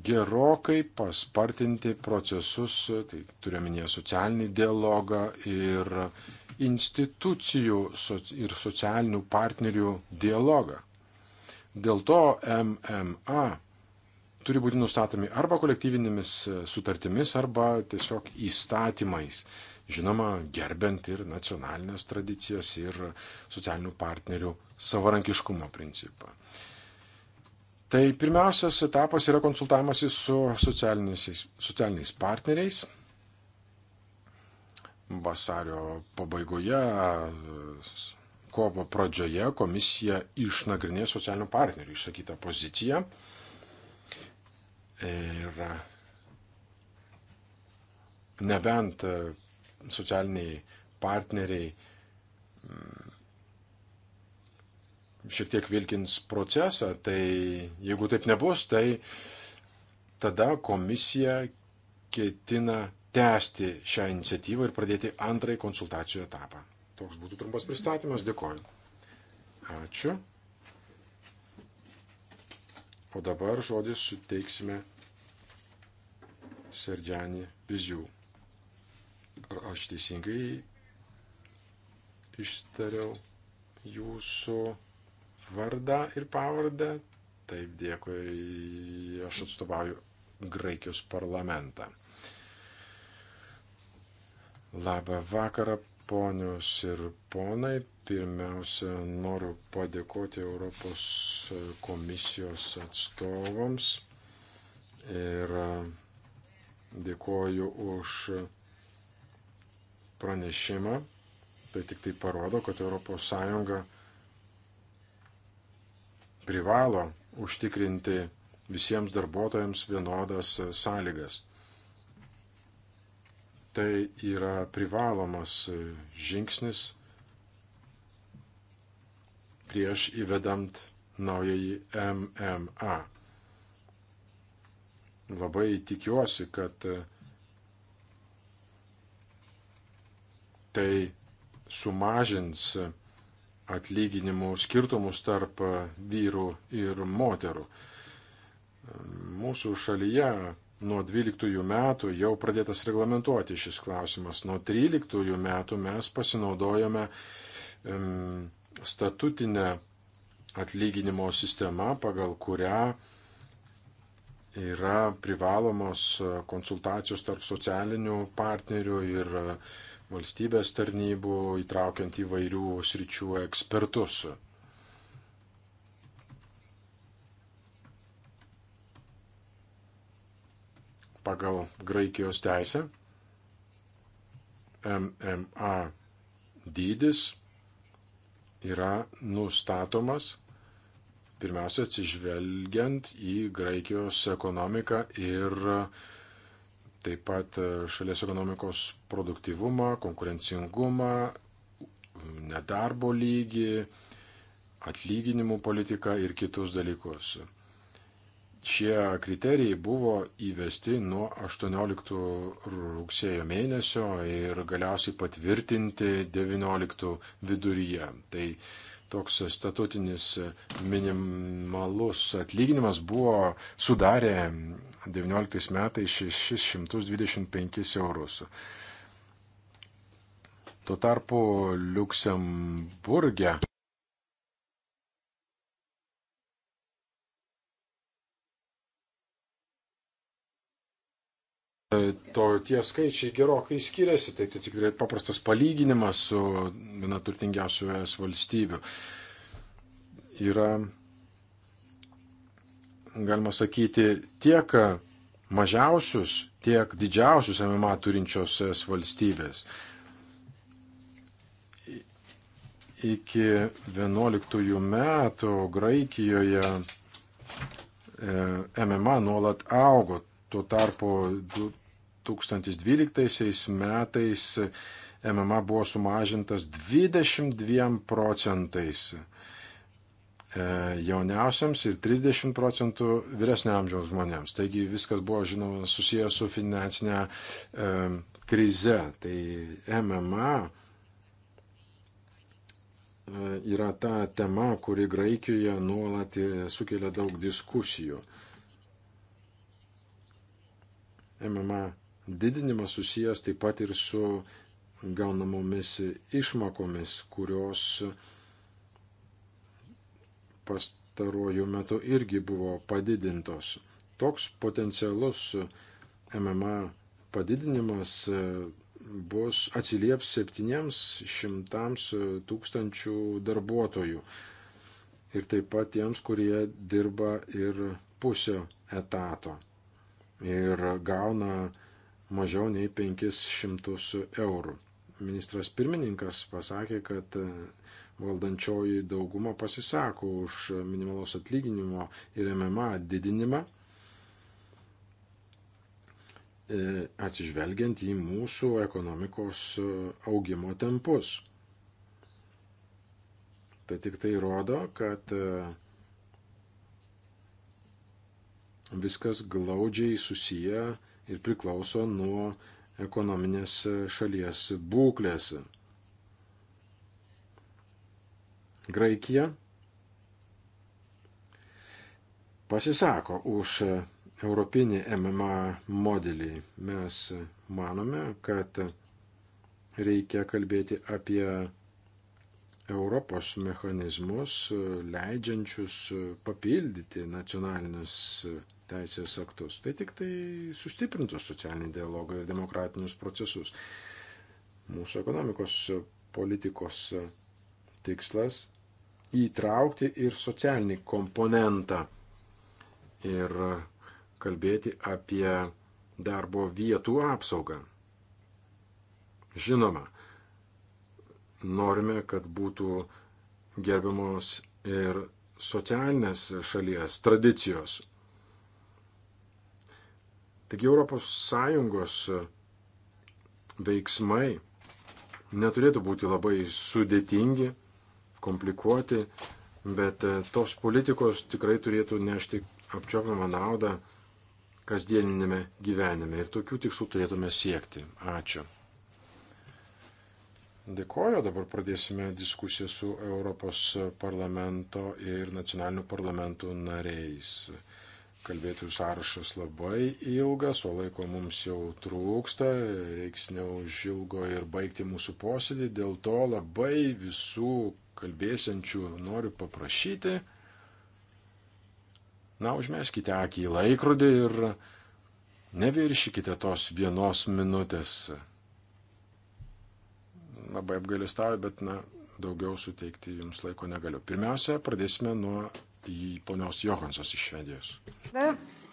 S4: gerokai paspartinti procesus, tai turiuomenėje socialinį dialogą ir institucijų ir socialinių partnerių dialogą. Dėl to MMA turi būti nustatomi arba kolektyvinėmis e, sutartimis, arba tiesiog įstatymais. Žinoma, gerbent ir nacionalinės tradicijas, ir socialinių partnerių savarankiškumo principą. Tai pirmiausias etapas yra konsultavimasis su socialiniais, socialiniais partneriais. Vasario pabaigoje, kovo pradžioje komisija išnagrinės socialinių partnerių išsakytą poziciją Ir nebent socialiniai partneriai mm, šiek tiek vilkins procesą, tai jeigu taip nebus, tai tada komisija ketina tęsti šią iniciatyvą ir pradėti antrąjį konsultacijų etapą. Toks būtų trumpas pristatymas, dėkoju. Ačiū. O dabar žodį suteiksime Serdžianį Bizių. Ar aš teisingai ištariau jūsų vardą ir pavardę? Taip, dėkui, aš atstovauju Graikijos parlamentą. Labą vakarą, Ponios ir ponai, pirmiausia, noriu padėkoti Europos komisijos atstovams ir e, dėkoju už pranešimą. Tai tik tai parodo, kad ES privalo užtikrinti visiems darbuotojams vienodas sąlygas. Tai yra privalomas žingsnis prieš įvedant naująjį MMA. Labai tikiuosi, kad tai sumažins atlyginimų skirtumus tarp vyrų ir moterų. Mūsų šalyje Nuo 12 metų jau pradėtas reglamentuoti šis klausimas. Nuo 13 metų mes pasinaudojome um, statutinę atlyginimo sistema, pagal kurią yra privalomos konsultacijos tarp socialinių partnerių ir valstybės tarnybų, įtraukiant įvairių sričių ekspertus. pagal Graikijos teisę MMA dydis yra nustatomas pirmiausia atsižvelgiant į Graikijos ekonomiką ir taip pat šalies ekonomikos produktivumą, konkurencingumą, nedarbo lygį, atlyginimų politiką ir kitus dalykus. Šie kriterijai buvo įvesti nuo 18 rugsėjo mėnesio ir galiausiai patvirtinti 19 viduryje. Tai toks statutinis minimalus atlyginimas buvo sudarė 19 metais 625 eurus. Tuo tarpu Luksemburgė E, to tie skaičiai gerokai skiriasi, tai tai tikrai paprastas palyginimas su viena turtingiausių ES valstybių. Yra, galima sakyti, tiek mažiausius, tiek didžiausius MMA turinčios ES valstybės. Iki 11 metų Graikijoje e, MMA nuolat augo. Tuo tarpu 2012 metais MMA buvo sumažintas 22 procentais e, jauniausiams ir 30 procentų vyresnio amžiaus žmonėms. Taigi viskas buvo, žinoma, susijęs su finansinė e, krize. Tai MMA e, yra ta tema, kuri Graikijoje nuolat e, sukelia daug diskusijų. MMA didinimas susijęs taip pat ir su gaunamomis išmokomis, kurios pastaruoju metu irgi buvo padidintos. Toks potencialus MMA padidinimas e, bus atsilieps 700 tūkstančių darbuotojų ir taip pat tiems, kurie dirba ir pusę etato ir gauna mažiau nei 500 eurų. Ministras pirmininkas pasakė, kad e, valdančioji dauguma pasisako už minimalos atlyginimo ir MMA didinimą, e, atsižvelgiant į mūsų ekonomikos e, augimo tempus. Tai tik tai rodo, kad viskas glaudžiai susiję ir priklauso nuo ekonominės šalies būklės. Graikija pasisako už europinį MMA modelį. Mes manome, kad reikia kalbėti apie Europos mechanizmus, leidžiančius papildyti nacionalinius teisės aktus. Tai tik tai sustiprintų socialinį dialogą ir demokratinius procesus. Mūsų ekonomikos politikos tikslas įtraukti ir socialinį komponentą ir kalbėti apie darbo vietų apsaugą. Žinoma, norime, kad būtų gerbiamos ir socialinės šalies tradicijos, Taigi ES e, veiksmai neturėtų būti labai sudėtingi, komplikuoti, bet e, tos politikos tikrai turėtų nešti apčiopiamą naudą kasdieninėme gyvenime ir tokių tikslų turėtume siekti. Ačiū. Dėkoju, dabar pradėsime diskusiją su Europos parlamento ir nacionalinių parlamentų nariais kalbėtojų sąrašas labai ilgas, o laiko mums jau trūksta, reiks neužilgo ir baigti mūsų posėdį, dėl to labai visų kalbėsiančių noriu paprašyti, na, užmeskite akį į laikrodį ir neviršykite tos vienos minutės. Labai apgailestauju, bet, na, daugiau suteikti jums laiko negaliu. Pirmiausia, pradėsime nuo į ponios Johansos iš
S2: Švedijos.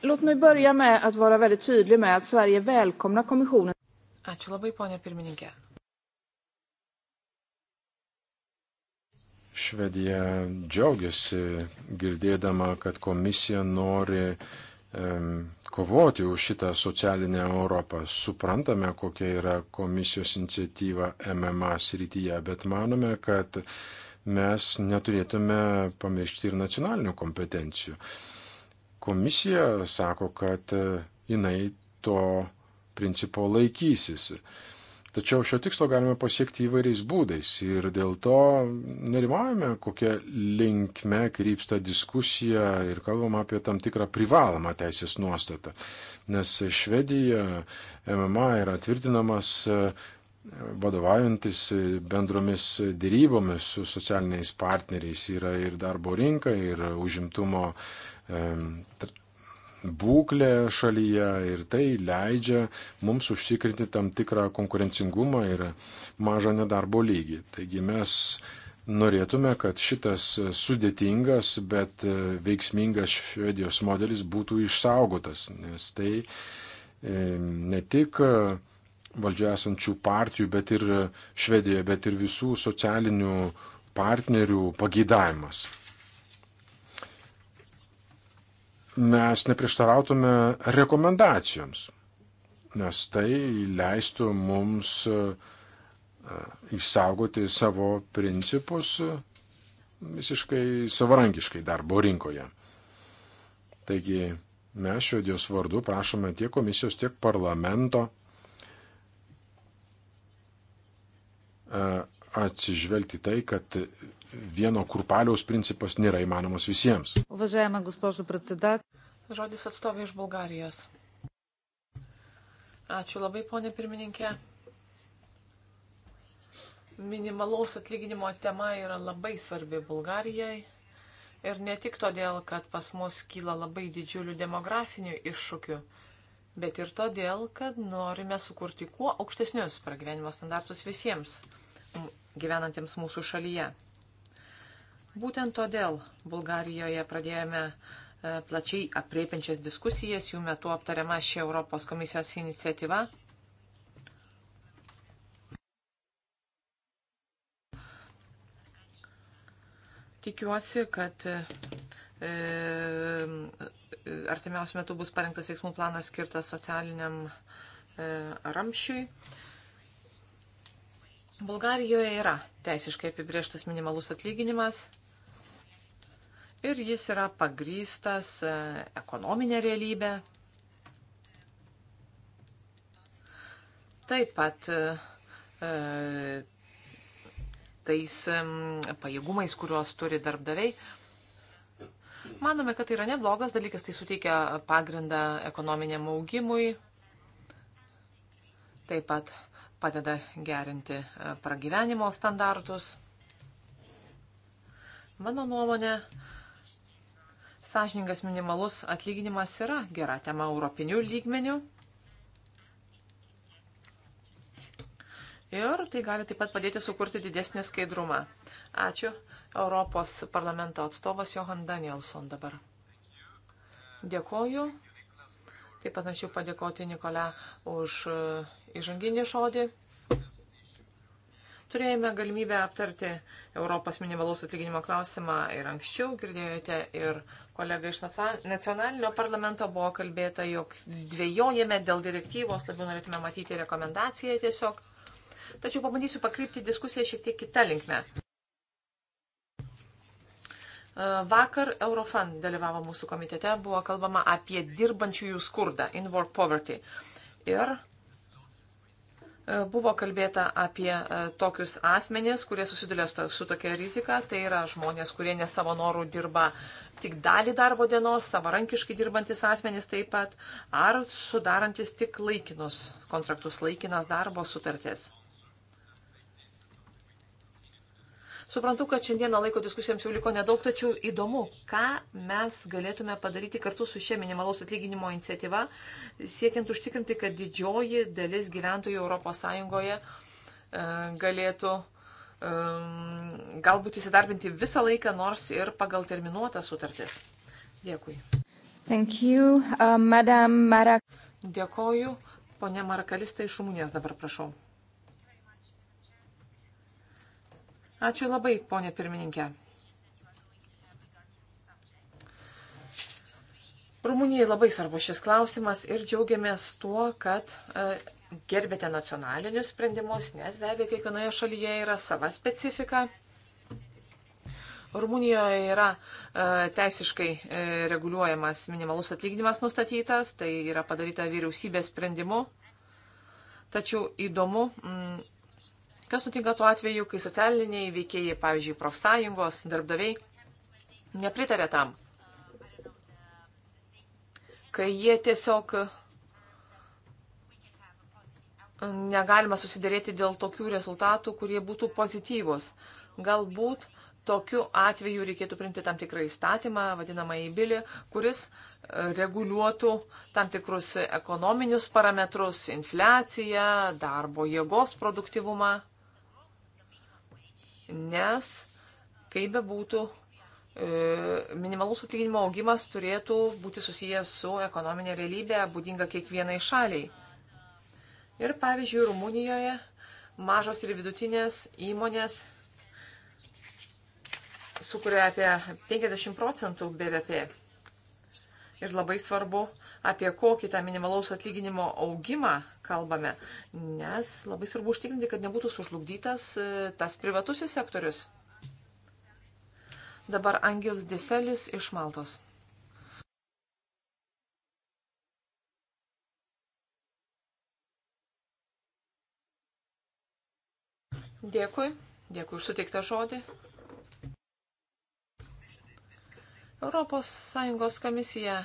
S2: Låt mig börja med att vara väldigt tydlig med att Sverige välkomnar kommissionen. Ačiū labai, ponia pirmininkė.
S4: Švedija džiaugiasi girdėdama, kad komisija nori um, kovoti už šitą socialinę Europą. Suprantame, kokia yra komisijos iniciatyva MMA srityje, bet manome, kad uh, mes neturėtume pamiršti ir nacionalinių kompetencijų. Komisija sako, kad e, jinai to principo laikysis. Tačiau šio tikslo galime pasiekti įvairiais būdais ir dėl to nerimaujame, kokia linkme krypsta diskusija ir kalbam apie tam tikrą privalomą teisės nuostatą. Nes Švedija MMA yra tvirtinamas vadovaujantis bendromis dėrybomis su socialiniais partneriais yra ir darbo rinka, ir užimtumo būklė šalyje ir tai leidžia mums užsikrinti tam tikrą konkurencingumą ir mažą nedarbo lygį. Taigi mes norėtume, kad šitas sudėtingas, bet veiksmingas Švedijos modelis būtų išsaugotas, nes tai ne tik valdžioje esančių partijų, bet ir Švedijoje, bet ir visų socialinių partnerių pageidavimas. Mes neprieštarautume rekomendacijoms, nes tai leistų mums e, išsaugoti savo principus visiškai savarankiškai darbo rinkoje. Taigi mes švedijos vardu prašome tiek komisijos, tiek parlamento E, atsižvelgti tai, kad vieno kurpaliaus principas nėra įmanomas visiems.
S1: Važiavame, guspožų prasidat.
S2: Žodis atstovė iš Bulgarijos. Ačiū labai, ponė pirmininkė. Minimalaus atlyginimo tema yra labai svarbi Bulgarijai. Ir ne tik todėl, kad pas mus kyla labai didžiulių demografinių iššūkių, bet ir todėl, kad norime sukurti kuo aukštesnius pragyvenimo standartus visiems gyvenantiems mūsų šalyje. Būtent todėl Bulgarijoje pradėjome e, plačiai apriepiančias diskusijas, jų metu aptariama ši Europos komisijos iniciatyva. Tikiuosi, kad e, e, artimiausiu metu bus parengtas veiksmų planas skirtas socialiniam ramšiui. Bulgarijoje yra teisiškai apibrieštas minimalus atlyginimas ir jis yra pagrystas e, ekonominė realybė. Taip pat e, e, tais pajėgumais, kuriuos turi darbdaviai. Manome, kad tai yra neblogas dalykas, tai suteikia pagrindą ekonominiam augimui. Taip pat padeda gerinti e, pragyvenimo standartus. Mano nuomonė, sąžiningas minimalus atlyginimas yra gera tema europinių lygmenių. Ir tai gali taip pat padėti sukurti didesnį skaidrumą. Ačiū. Europos parlamento atstovas Johan Danielson dabar. Dėkoju. Taip pat norėčiau padėkoti Nikolę už e, įžanginį žodį. Turėjome galimybę aptarti Europos minimalus atlyginimo klausimą ir anksčiau girdėjote ir kolega iš nacionalinio parlamento buvo kalbėta, jog dvėjojame dėl direktyvos, labiau norėtume matyti rekomendaciją tiesiog. Tačiau pabandysiu pakrypti diskusiją šiek tiek kitą linkmę. E, vakar Eurofund dalyvavo mūsų komitete, buvo kalbama apie dirbančiųjų skurdą, in-work poverty. Ir e, buvo kalbėta apie e, tokius asmenys, kurie susiduria su tokia rizika, tai yra žmonės, kurie ne savo norų dirba tik dalį darbo dienos, savarankiškai dirbantis asmenys taip pat, ar sudarantis tik laikinus kontraktus, laikinas darbo sutartės. Suprantu, kad šiandieną laiko diskusijams jau liko nedaug, tačiau įdomu, ką mes galėtume padaryti kartu su šia minimalaus atlyginimo iniciatyva, siekiant užtikrinti, kad didžioji dalis gyventojų ES e, galėtų e, galbūt įsidarbinti visą laiką, nors ir pagal terminuotas sutartis. Dėkui.
S1: Thank you, uh, Madam Mara.
S2: Dėkoju. Pone Marakalistai iš Rumunijos dabar prašau. Ačiū labai, ponė pirmininkė. Rumunijai labai svarbus šis klausimas ir džiaugiamės tuo, kad e, gerbėte nacionalinius sprendimus, nes be abejo kiekvienoje šalyje yra sava specifika. Rumunijoje yra e, teisiškai e, reguliuojamas minimalus atlyginimas nustatytas, tai yra padaryta vyriausybės sprendimu. Tačiau įdomu, Kas nutinka tuo atveju, kai socialiniai veikėjai, pavyzdžiui, profsąjungos, darbdaviai, nepritarė tam? Kai jie tiesiog negalima susidėrėti dėl tokių rezultatų, kurie būtų pozityvus. Galbūt tokiu atveju reikėtų priimti tam tikrą įstatymą, vadinamą įbilį, kuris reguliuotų tam tikrus ekonominius parametrus, infliaciją, darbo jėgos produktivumą nes kaip bebūtų, e, minimalus atlyginimo augimas turėtų būti susijęs su ekonominė realybė, būdinga kiekvienai šaliai. Ir pavyzdžiui, Rumunijoje mažos ir vidutinės įmonės sukuria apie 50 procentų BVP. Ir labai svarbu, apie kokį tą minimalaus atlyginimo augimą kalbame, nes labai svarbu užtikrinti, kad nebūtų sužlugdytas e, tas privatusis sektorius. Dabar Angels Diselis iš Maltos. Dėkui, dėkui už suteiktą žodį. Europos Sąjungos komisija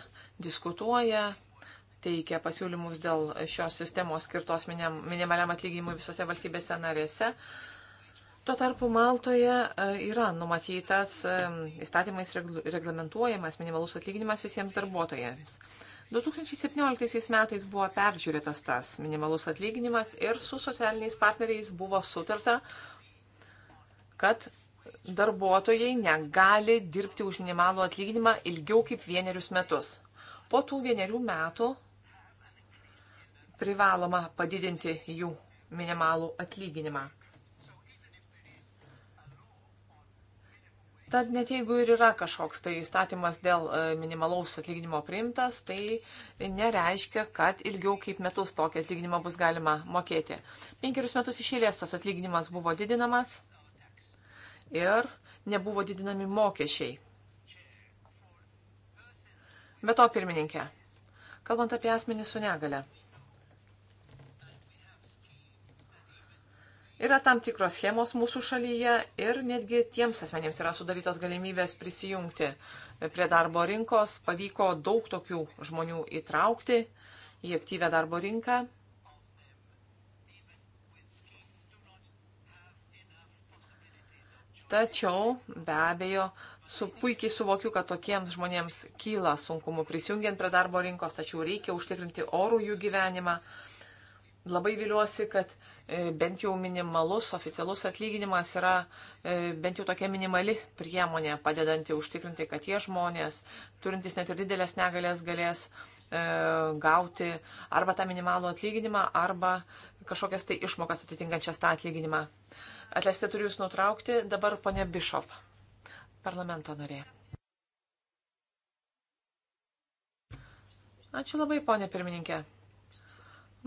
S2: diskutuoja teikia pasiūlymus dėl šios sistemos skirtos minimaliam atlyginimui visose valstybėse narėse. Tuo tarpu Maltoje e, yra numatytas e, įstatymais reglamentuojamas minimalus atlyginimas visiems darbuotojams. 2017 metais buvo peržiūrėtas tas minimalus atlyginimas ir su socialiniais partneriais buvo sutarta, kad darbuotojai negali dirbti už minimalų atlyginimą ilgiau kaip vienerius metus. Po tų vienerių metų privaloma padidinti jų minimalų atlyginimą. Tad net jeigu ir yra kažkoks tai įstatymas dėl e, minimalaus atlyginimo priimtas, tai nereiškia, kad ilgiau kaip metus tokį atlyginimą bus galima mokėti. Penkerius metus išėlės tas atlyginimas buvo didinamas ir nebuvo didinami mokesčiai. Be to, pirmininkė, kalbant apie asmenį su negale. Yra tam tikros schemos mūsų šalyje ir netgi tiems asmenėms yra sudarytos galimybės prisijungti prie darbo rinkos. Pavyko daug tokių žmonių įtraukti į aktyvę darbo rinką. Tačiau be abejo, su, puikiai suvokiu, kad tokiems žmonėms kyla sunkumų prisijungiant prie darbo rinkos, tačiau reikia užtikrinti orų jų gyvenimą. Labai viliuosi, kad E, bent jau minimalus oficialus atlyginimas yra e, bent jau tokia minimali priemonė padedanti užtikrinti, kad tie žmonės, turintys net ir didelės negalės, galės e, gauti arba tą minimalų atlyginimą, arba kažkokias tai išmokas atitinkančias tą atlyginimą. Atleiskite, turiu Jūs nutraukti. Dabar ponė Bishop, parlamento narė. Ačiū labai, ponė pirmininkė.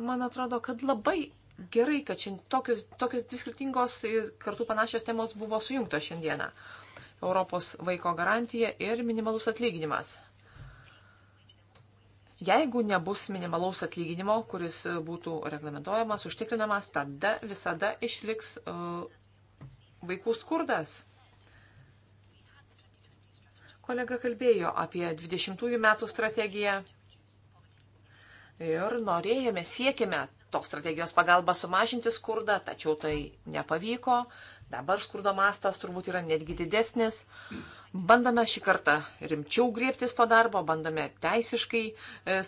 S2: Man atrodo, kad labai gerai, kad šiandien tokios, tokios dvi skirtingos ir kartu panašios temos buvo sujungtos šiandieną. Europos vaiko garantija ir minimalus atlyginimas. Jeigu nebus minimalaus atlyginimo, kuris e, būtų reglamentojamas, užtikrinamas, tada visada išliks uh, vaikų skurdas. Kolega kalbėjo apie 20-ųjų metų strategiją ir norėjome, siekime tos strategijos pagalba sumažinti skurdą, tačiau tai nepavyko. Dabar skurdo mastas turbūt yra netgi didesnis. Bandome šį kartą rimčiau griebtis to darbo, bandome teisiškai e,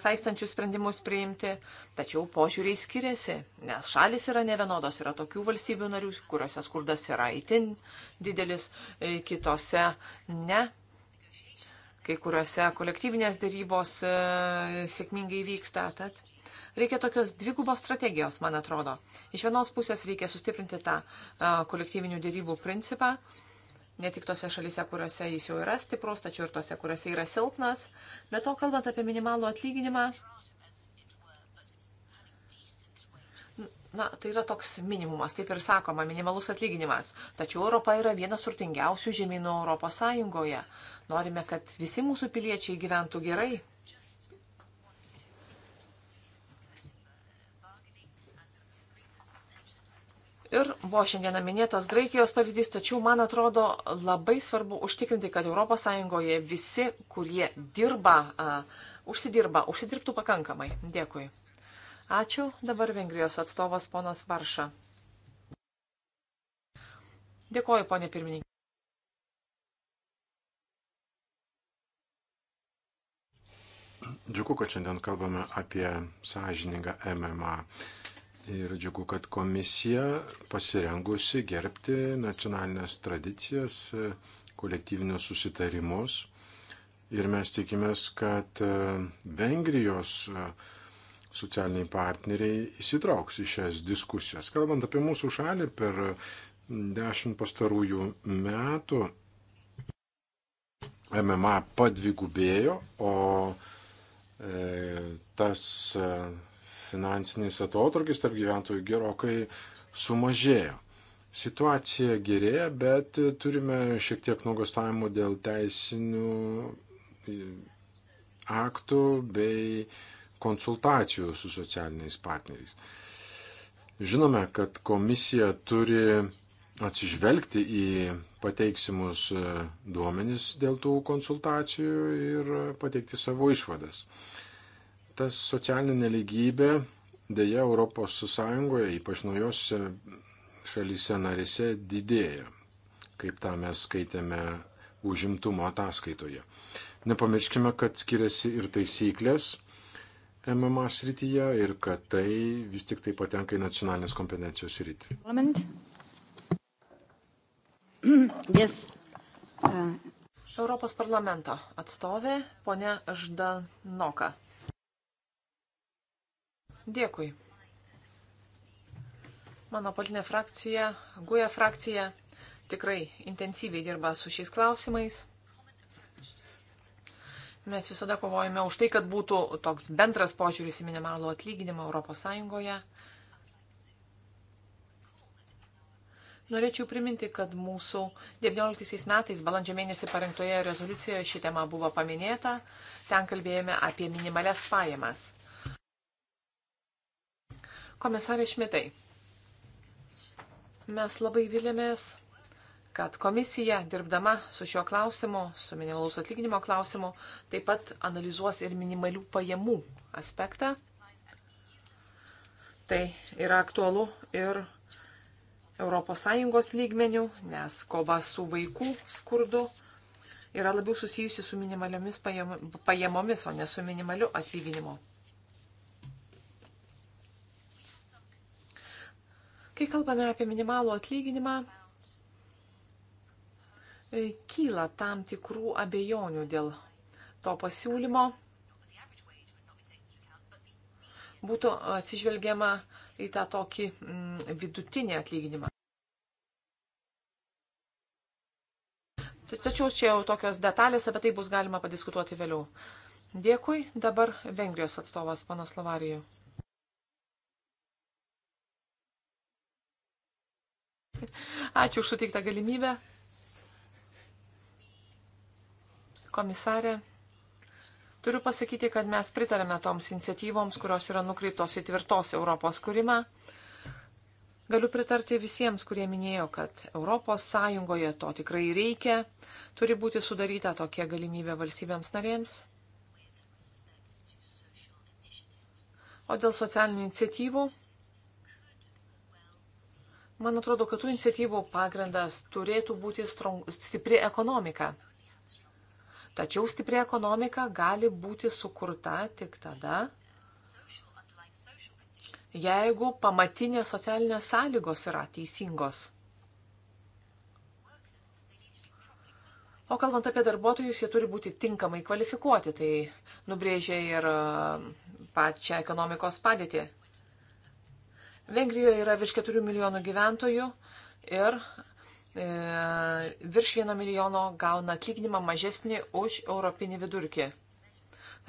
S2: saistančius sprendimus priimti, tačiau požiūriai skiriasi, nes šalis yra nevienodos, yra tokių valstybių narių, kuriuose skurdas yra itin didelis, e, kitose ne. Kai kuriuose kolektyvinės dėrybos e, sėkmingai vyksta, tad Reikia tokios dvigubos strategijos, man atrodo. Iš vienos pusės reikia sustiprinti tą kolektyvinių dėrybų principą, ne tik tose šalise, kuriuose jis jau yra stiprus, tačiau ir tose, kuriuose yra silpnas. Bet to kalbant apie minimalų atlyginimą, na, tai yra toks minimumas, taip ir sakoma, minimalus atlyginimas. Tačiau Europa yra vienas turtingiausių žemynų Europos Sąjungoje. Norime, kad visi mūsų piliečiai gyventų gerai. Ir buvo šiandieną minėtas Graikijos pavyzdys, tačiau man atrodo labai svarbu užtikrinti, kad ES visi, kurie dirba, uh, užsidirba, užsidirbtų pakankamai. Dėkui. Ačiū. Dabar Vengrijos atstovas ponas Varša. Dėkoju, ponė pirmininkė.
S4: Džiugu, kad šiandien kalbame apie sąžiningą MMA. Ir džiugu, kad komisija pasirengusi gerbti nacionalinės tradicijas, kolektyvinius susitarimus. Ir mes tikimės, kad e, Vengrijos e, socialiniai partneriai įsitrauks į šias diskusijas. Kalbant apie mūsų šalį, per dešimt pastarųjų metų MMA padvigubėjo, o e, tas e, finansinis atotrukis tarp gyventojų gerokai sumažėjo. Situacija gerėja, bet turime šiek tiek nuogastavimų dėl teisinių aktų bei konsultacijų su socialiniais partneriais. Žinome, kad komisija turi atsižvelgti į pateiksimus duomenis dėl tų konsultacijų ir pateikti savo išvadas. Ta socialinė neligybė dėja ES, ypač naujose šalyse narėse, didėja, kaip tą mes skaitėme užimtumo ataskaitoje. Nepamirškime, kad skiriasi ir taisyklės MMA srityje ir kad tai vis tik tai patenka į nacionalinės kompetencijos sritį.
S2: Yes. Uh. Europos parlamento atstovė ponia Ždanoka. Dėkui. Mano politinė frakcija, GUE frakcija tikrai intensyviai dirba su šiais klausimais. Mes visada kovojame už tai, kad būtų toks bendras požiūris į minimalų atlyginimą ES. Norėčiau priminti, kad mūsų 19 metais balandžio mėnesį parengtoje rezoliucijoje ši tema buvo paminėta. Ten kalbėjome apie minimales pajamas. Komisarė Šmitai, mes labai vilėmės, kad komisija, dirbdama su šiuo klausimu, su minimalaus atlyginimo klausimu, taip pat analizuos ir minimalių pajamų aspektą. Tai yra aktualu ir ES lygmenių, nes kova su vaikų skurdu yra labiau susijusi su minimaliomis pajamomis, o ne su minimaliu atlyginimu. Kai kalbame apie minimalų atlyginimą, e, kyla tam tikrų abejonių dėl to pasiūlymo. Būtų atsižvelgiama į tą tokį mm, vidutinį atlyginimą. Tačiau čia jau tokios detalės, apie tai bus galima padiskutuoti vėliau. Dėkui, dabar Vengrijos atstovas, panas Lovarijų. Ačiū už suteiktą galimybę. Komisarė. Turiu pasakyti, kad mes pritarėme toms iniciatyvoms, kurios yra nukreiptos į tvirtos Europos kūrimą. Galiu pritarti visiems, kurie minėjo, kad Europos Sąjungoje to tikrai reikia, turi būti sudaryta tokia galimybė valstybėms narėms. O dėl socialinių iniciatyvų Man atrodo, kad tų iniciatyvų pagrindas turėtų būti strong, stipri ekonomika. Tačiau stipri ekonomika gali būti sukurta tik tada, jeigu pamatinės socialinės sąlygos yra teisingos. O kalbant apie darbuotojus, jie turi būti tinkamai kvalifikuoti, tai nubrėžia ir e, pačią ekonomikos padėtį. Vengrijoje yra virš 4 milijonų gyventojų ir e, virš 1 milijono gauna atlyginimą mažesnį už europinį vidurkį.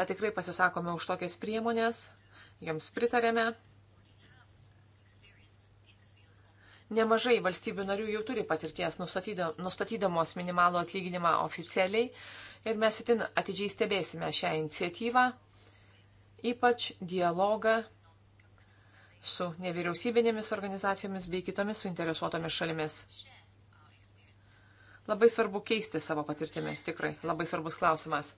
S2: Ta tikrai pasisakome už tokias priemonės, joms pritarėme. Nemažai valstybių narių jau turi patirties nustatydamos minimalų atlyginimą oficialiai ir mes itin atidžiai stebėsime šią iniciatyvą, ypač dialogą su nevyriausybinėmis organizacijomis bei kitomis suinteresuotomis šalimis. Labai svarbu keisti savo patirtimi, tikrai labai svarbus klausimas.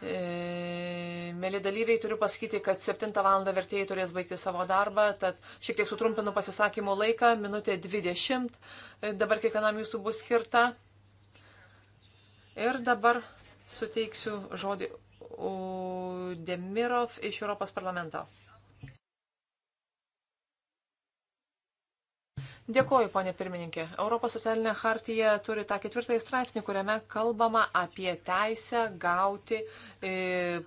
S2: E, Mėly dalyviai, turiu pasakyti, kad 7 val. vertėjai turės baigti savo darbą, tad šiek tiek sutrumpinu pasisakymų laiką, minutė 20 e, dabar kiekvienam jūsų bus skirta. Ir dabar suteiksiu žodį Udemirov iš Europos parlamento. Dėkuoju, ponė pirmininkė. Europos socialinė hartija turi tą ketvirtąjį straipsnį, kuriame kalbama apie teisę gauti e,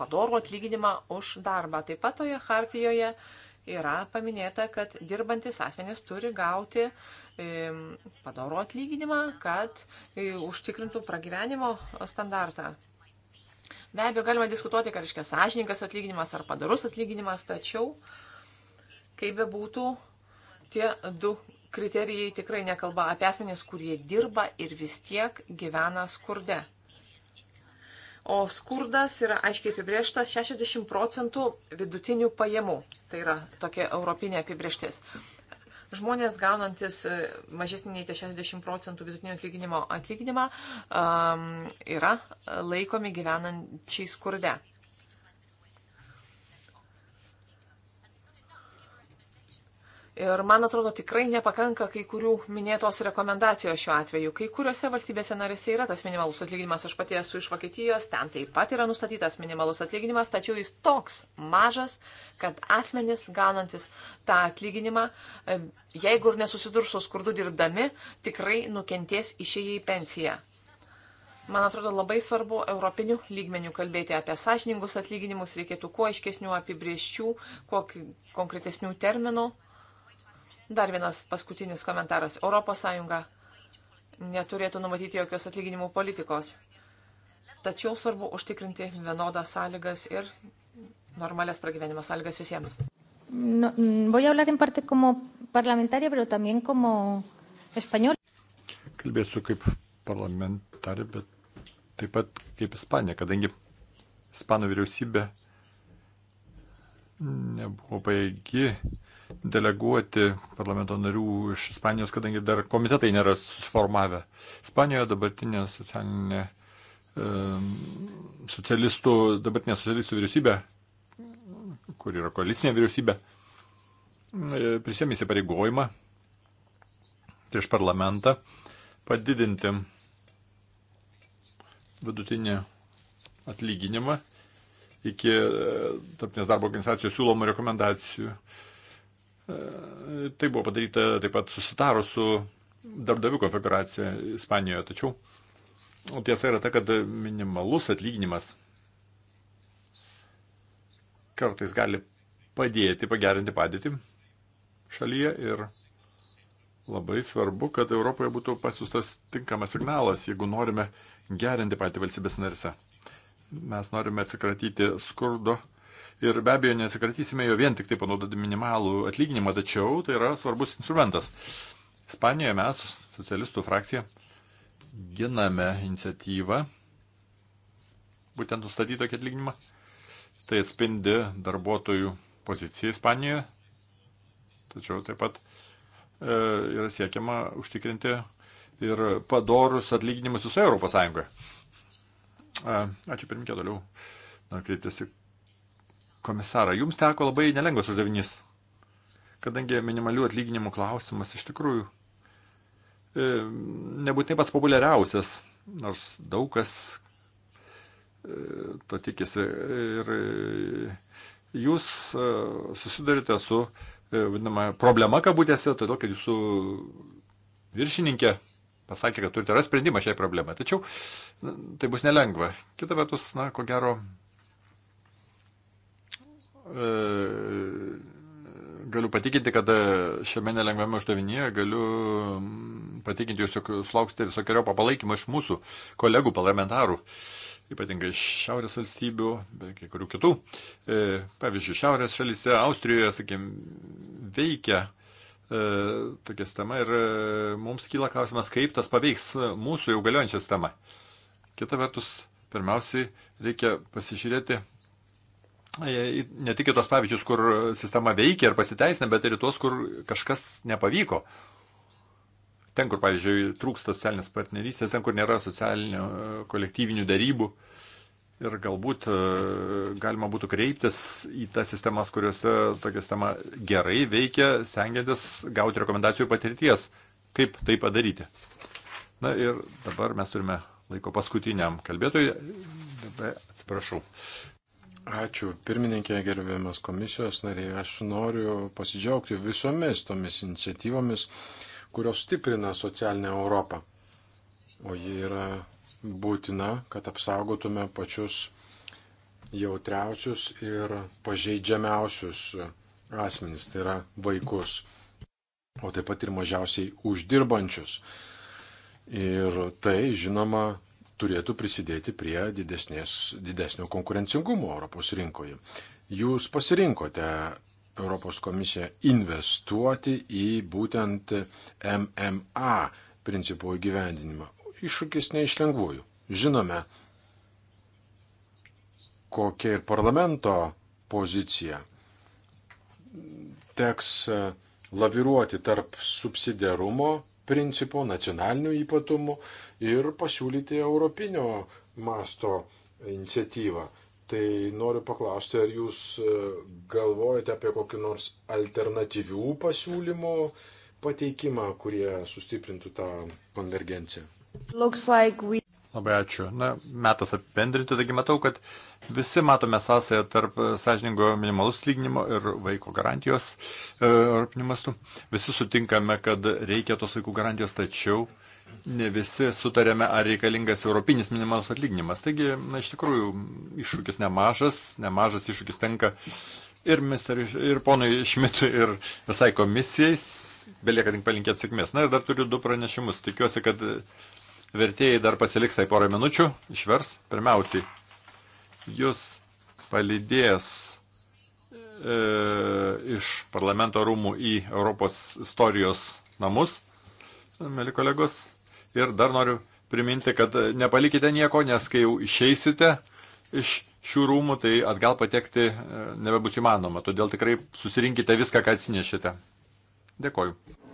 S2: padorų atlyginimą už darbą. Taip pat toje hartijoje yra paminėta, kad dirbantis asmenys turi gauti e, padorų atlyginimą, kad e, užtikrintų pragyvenimo standartą. Be abejo, galima diskutuoti, ką reiškia sąžininkas atlyginimas ar padarus atlyginimas, tačiau kaip be būtų, tie du kriterijai tikrai nekalba apie asmenys, kurie dirba ir vis tiek gyvena skurde. O skurdas yra aiškiai apibrieštas 60 procentų vidutinių pajamų. Tai yra tokia europinė apibrieštis. Žmonės gaunantis e, mažesnį nei 60 procentų vidutinio atlyginimo atlyginimą um, yra laikomi gyvenančiai skurde. Ir man atrodo, tikrai nepakanka kai kurių minėtos rekomendacijos šiuo atveju. Kai kuriuose valstybėse narėse yra tas minimalus atlyginimas, aš pati esu iš Vokietijos, ten taip pat yra nustatytas minimalus atlyginimas, tačiau jis toks mažas, kad asmenys ganantis tą atlyginimą, jeigu ir nesusidurs su skurdu dirbdami, tikrai nukentės išėję į pensiją. Man atrodo labai svarbu europinių lygmenių kalbėti apie sąžiningus atlyginimus, reikėtų kuo aiškesnių apibrieščių, kuo konkretesnių terminų. Dar vienas paskutinis komentaras. ES neturėtų numatyti jokios atlyginimų politikos. Tačiau svarbu užtikrinti vienodas sąlygas ir normalias pragyvenimo sąlygas visiems.
S4: No, mm, voy a hablar en parte como parlamentaria, pero también como español.
S3: Kalbėsiu kaip parlamentarė, bet taip pat kaip Ispanija, kadangi Ispanų vyriausybė nebuvo paėgi deleguoti parlamento narių iš Ispanijos, kadangi dar komitetai nėra susformavę. Ispanijoje dabartinė socialinė e, socialistų, dabartinė socialistų vyriausybė, kur yra koalicinė vyriausybė, e, prisėmė įsipareigojimą prieš parlamentą padidinti vidutinį atlyginimą iki e, tarpinės darbo organizacijos siūlomų rekomendacijų. E, Tai buvo padaryta taip pat susitarus su darbdavių konfiguracija Ispanijoje, tačiau tiesa yra ta, kad minimalus atlyginimas kartais gali padėti, pagerinti padėtį šalyje ir labai svarbu, kad Europoje būtų pasiūstas tinkamas signalas, jeigu norime gerinti patį valstybės narise. Mes norime atsikratyti skurdo ir be abejo nesikratysime jo vien tik tai panaudodami minimalų atlyginimą, tačiau tai yra svarbus instrumentas. Ispanijoje mes, socialistų frakcija, giname iniciatyvą, būtent nustatyti tokį atlyginimą. Tai spindi darbuotojų poziciją Ispanijoje, tačiau taip pat e, yra siekiama užtikrinti ir padorus atlyginimus visoje Europos Sąjungoje. E, ačiū pirmininkė toliau. Noriu kreiptis į komisarą, jums teko labai nelengvas uždavinys, kadangi minimalių atlyginimų klausimas iš tikrųjų e, nebūtinai pats populiariausias, nors daug kas e, to tikisi. Ir e, jūs susidurite su vadinama problema kabutėse, todėl kad jūsų viršininkė pasakė, kad turite rasti sprendimą šiai problemai. Tačiau na, tai bus nelengva. Kita vertus, na, ko gero, E, galiu patikinti, kad šiame nelengvame uždavinyje galiu patikinti jūs, jog sulauksite visokiojo papalaikymo iš mūsų kolegų parlamentarų, ypatingai iš šiaurės valstybių, bet kai kurių kitų. E, pavyzdžiui, šiaurės šalyse, Austrijoje, sakėm, veikia e, tokia sistema ir mums kyla klausimas, kaip tas paveiks mūsų jau galiojančią sistemą. Kita vertus, pirmiausiai reikia pasižiūrėti, E, ne tik į tos pavyzdžius, kur sistema veikia ir pasiteisina, bet ir į tos, kur kažkas nepavyko. Ten, kur, pavyzdžiui, trūksta socialinės partnerystės, ten, kur nėra socialinių e, kolektyvinių darybų. Ir galbūt e, galima būtų kreiptis į tas sistemas, kuriuose tokia sistema gerai veikia, stengiantis gauti rekomendacijų patirties, kaip tai padaryti. Na ir dabar mes turime laiko paskutiniam kalbėtojui. Dabar atsiprašau.
S4: Ačiū pirmininkė, gerbiamas komisijos nariai. Aš noriu pasidžiaugti visomis tomis iniciatyvomis, kurios stiprina socialinę Europą. O ji yra būtina, kad apsaugotume pačius jautriausius ir pažeidžiamiausius asmenys, tai yra vaikus, o taip pat ir mažiausiai uždirbančius. Ir tai, žinoma, turėtų prisidėti prie didesnės, didesnio konkurencingumo Europos rinkoje. Jūs pasirinkote Europos komisiją investuoti į būtent MMA principų įgyvendinimą. Iššūkis ne iš lengvųjų. Žinome, kokia ir parlamento pozicija. Teks e, laviruoti tarp subsidiarumo principo, nacionalinių ypatumų ir pasiūlyti europinio masto iniciatyvą. Tai noriu paklausti, ar jūs e, galvojate apie kokį nors alternatyvių pasiūlymų pateikimą, kurie sustiprintų tą konvergenciją?
S1: Like we...
S3: Labai ačiū. Na, metas apibendrinti, taigi matau, kad visi matome sąsąją tarp sąžiningo minimalus lyginimo ir vaiko garantijos e, europinių mastų. Visi sutinkame, kad reikia tos vaikų garantijos, tačiau ne visi sutarėme, ar reikalingas europinis minimalus atlyginimas. Taigi, na, iš tikrųjų, iššūkis nemažas, nemažas iššūkis tenka ir, mister, ir ponui Šmitui, ir visai komisijai. Belieka tik palinkėti sėkmės. Na ir dar turiu du pranešimus. Tikiuosi, kad vertėjai dar pasiliks tai porą minučių, išvers. Pirmiausiai, jūs palydės e, iš parlamento rūmų į Europos istorijos namus, mėly kolegos. Ir dar noriu priminti, kad e, nepalikite nieko, nes kai jau išeisite iš šių rūmų, tai atgal patekti e, nebebus įmanoma. Todėl tikrai susirinkite viską, ką atsinešite. Dėkoju.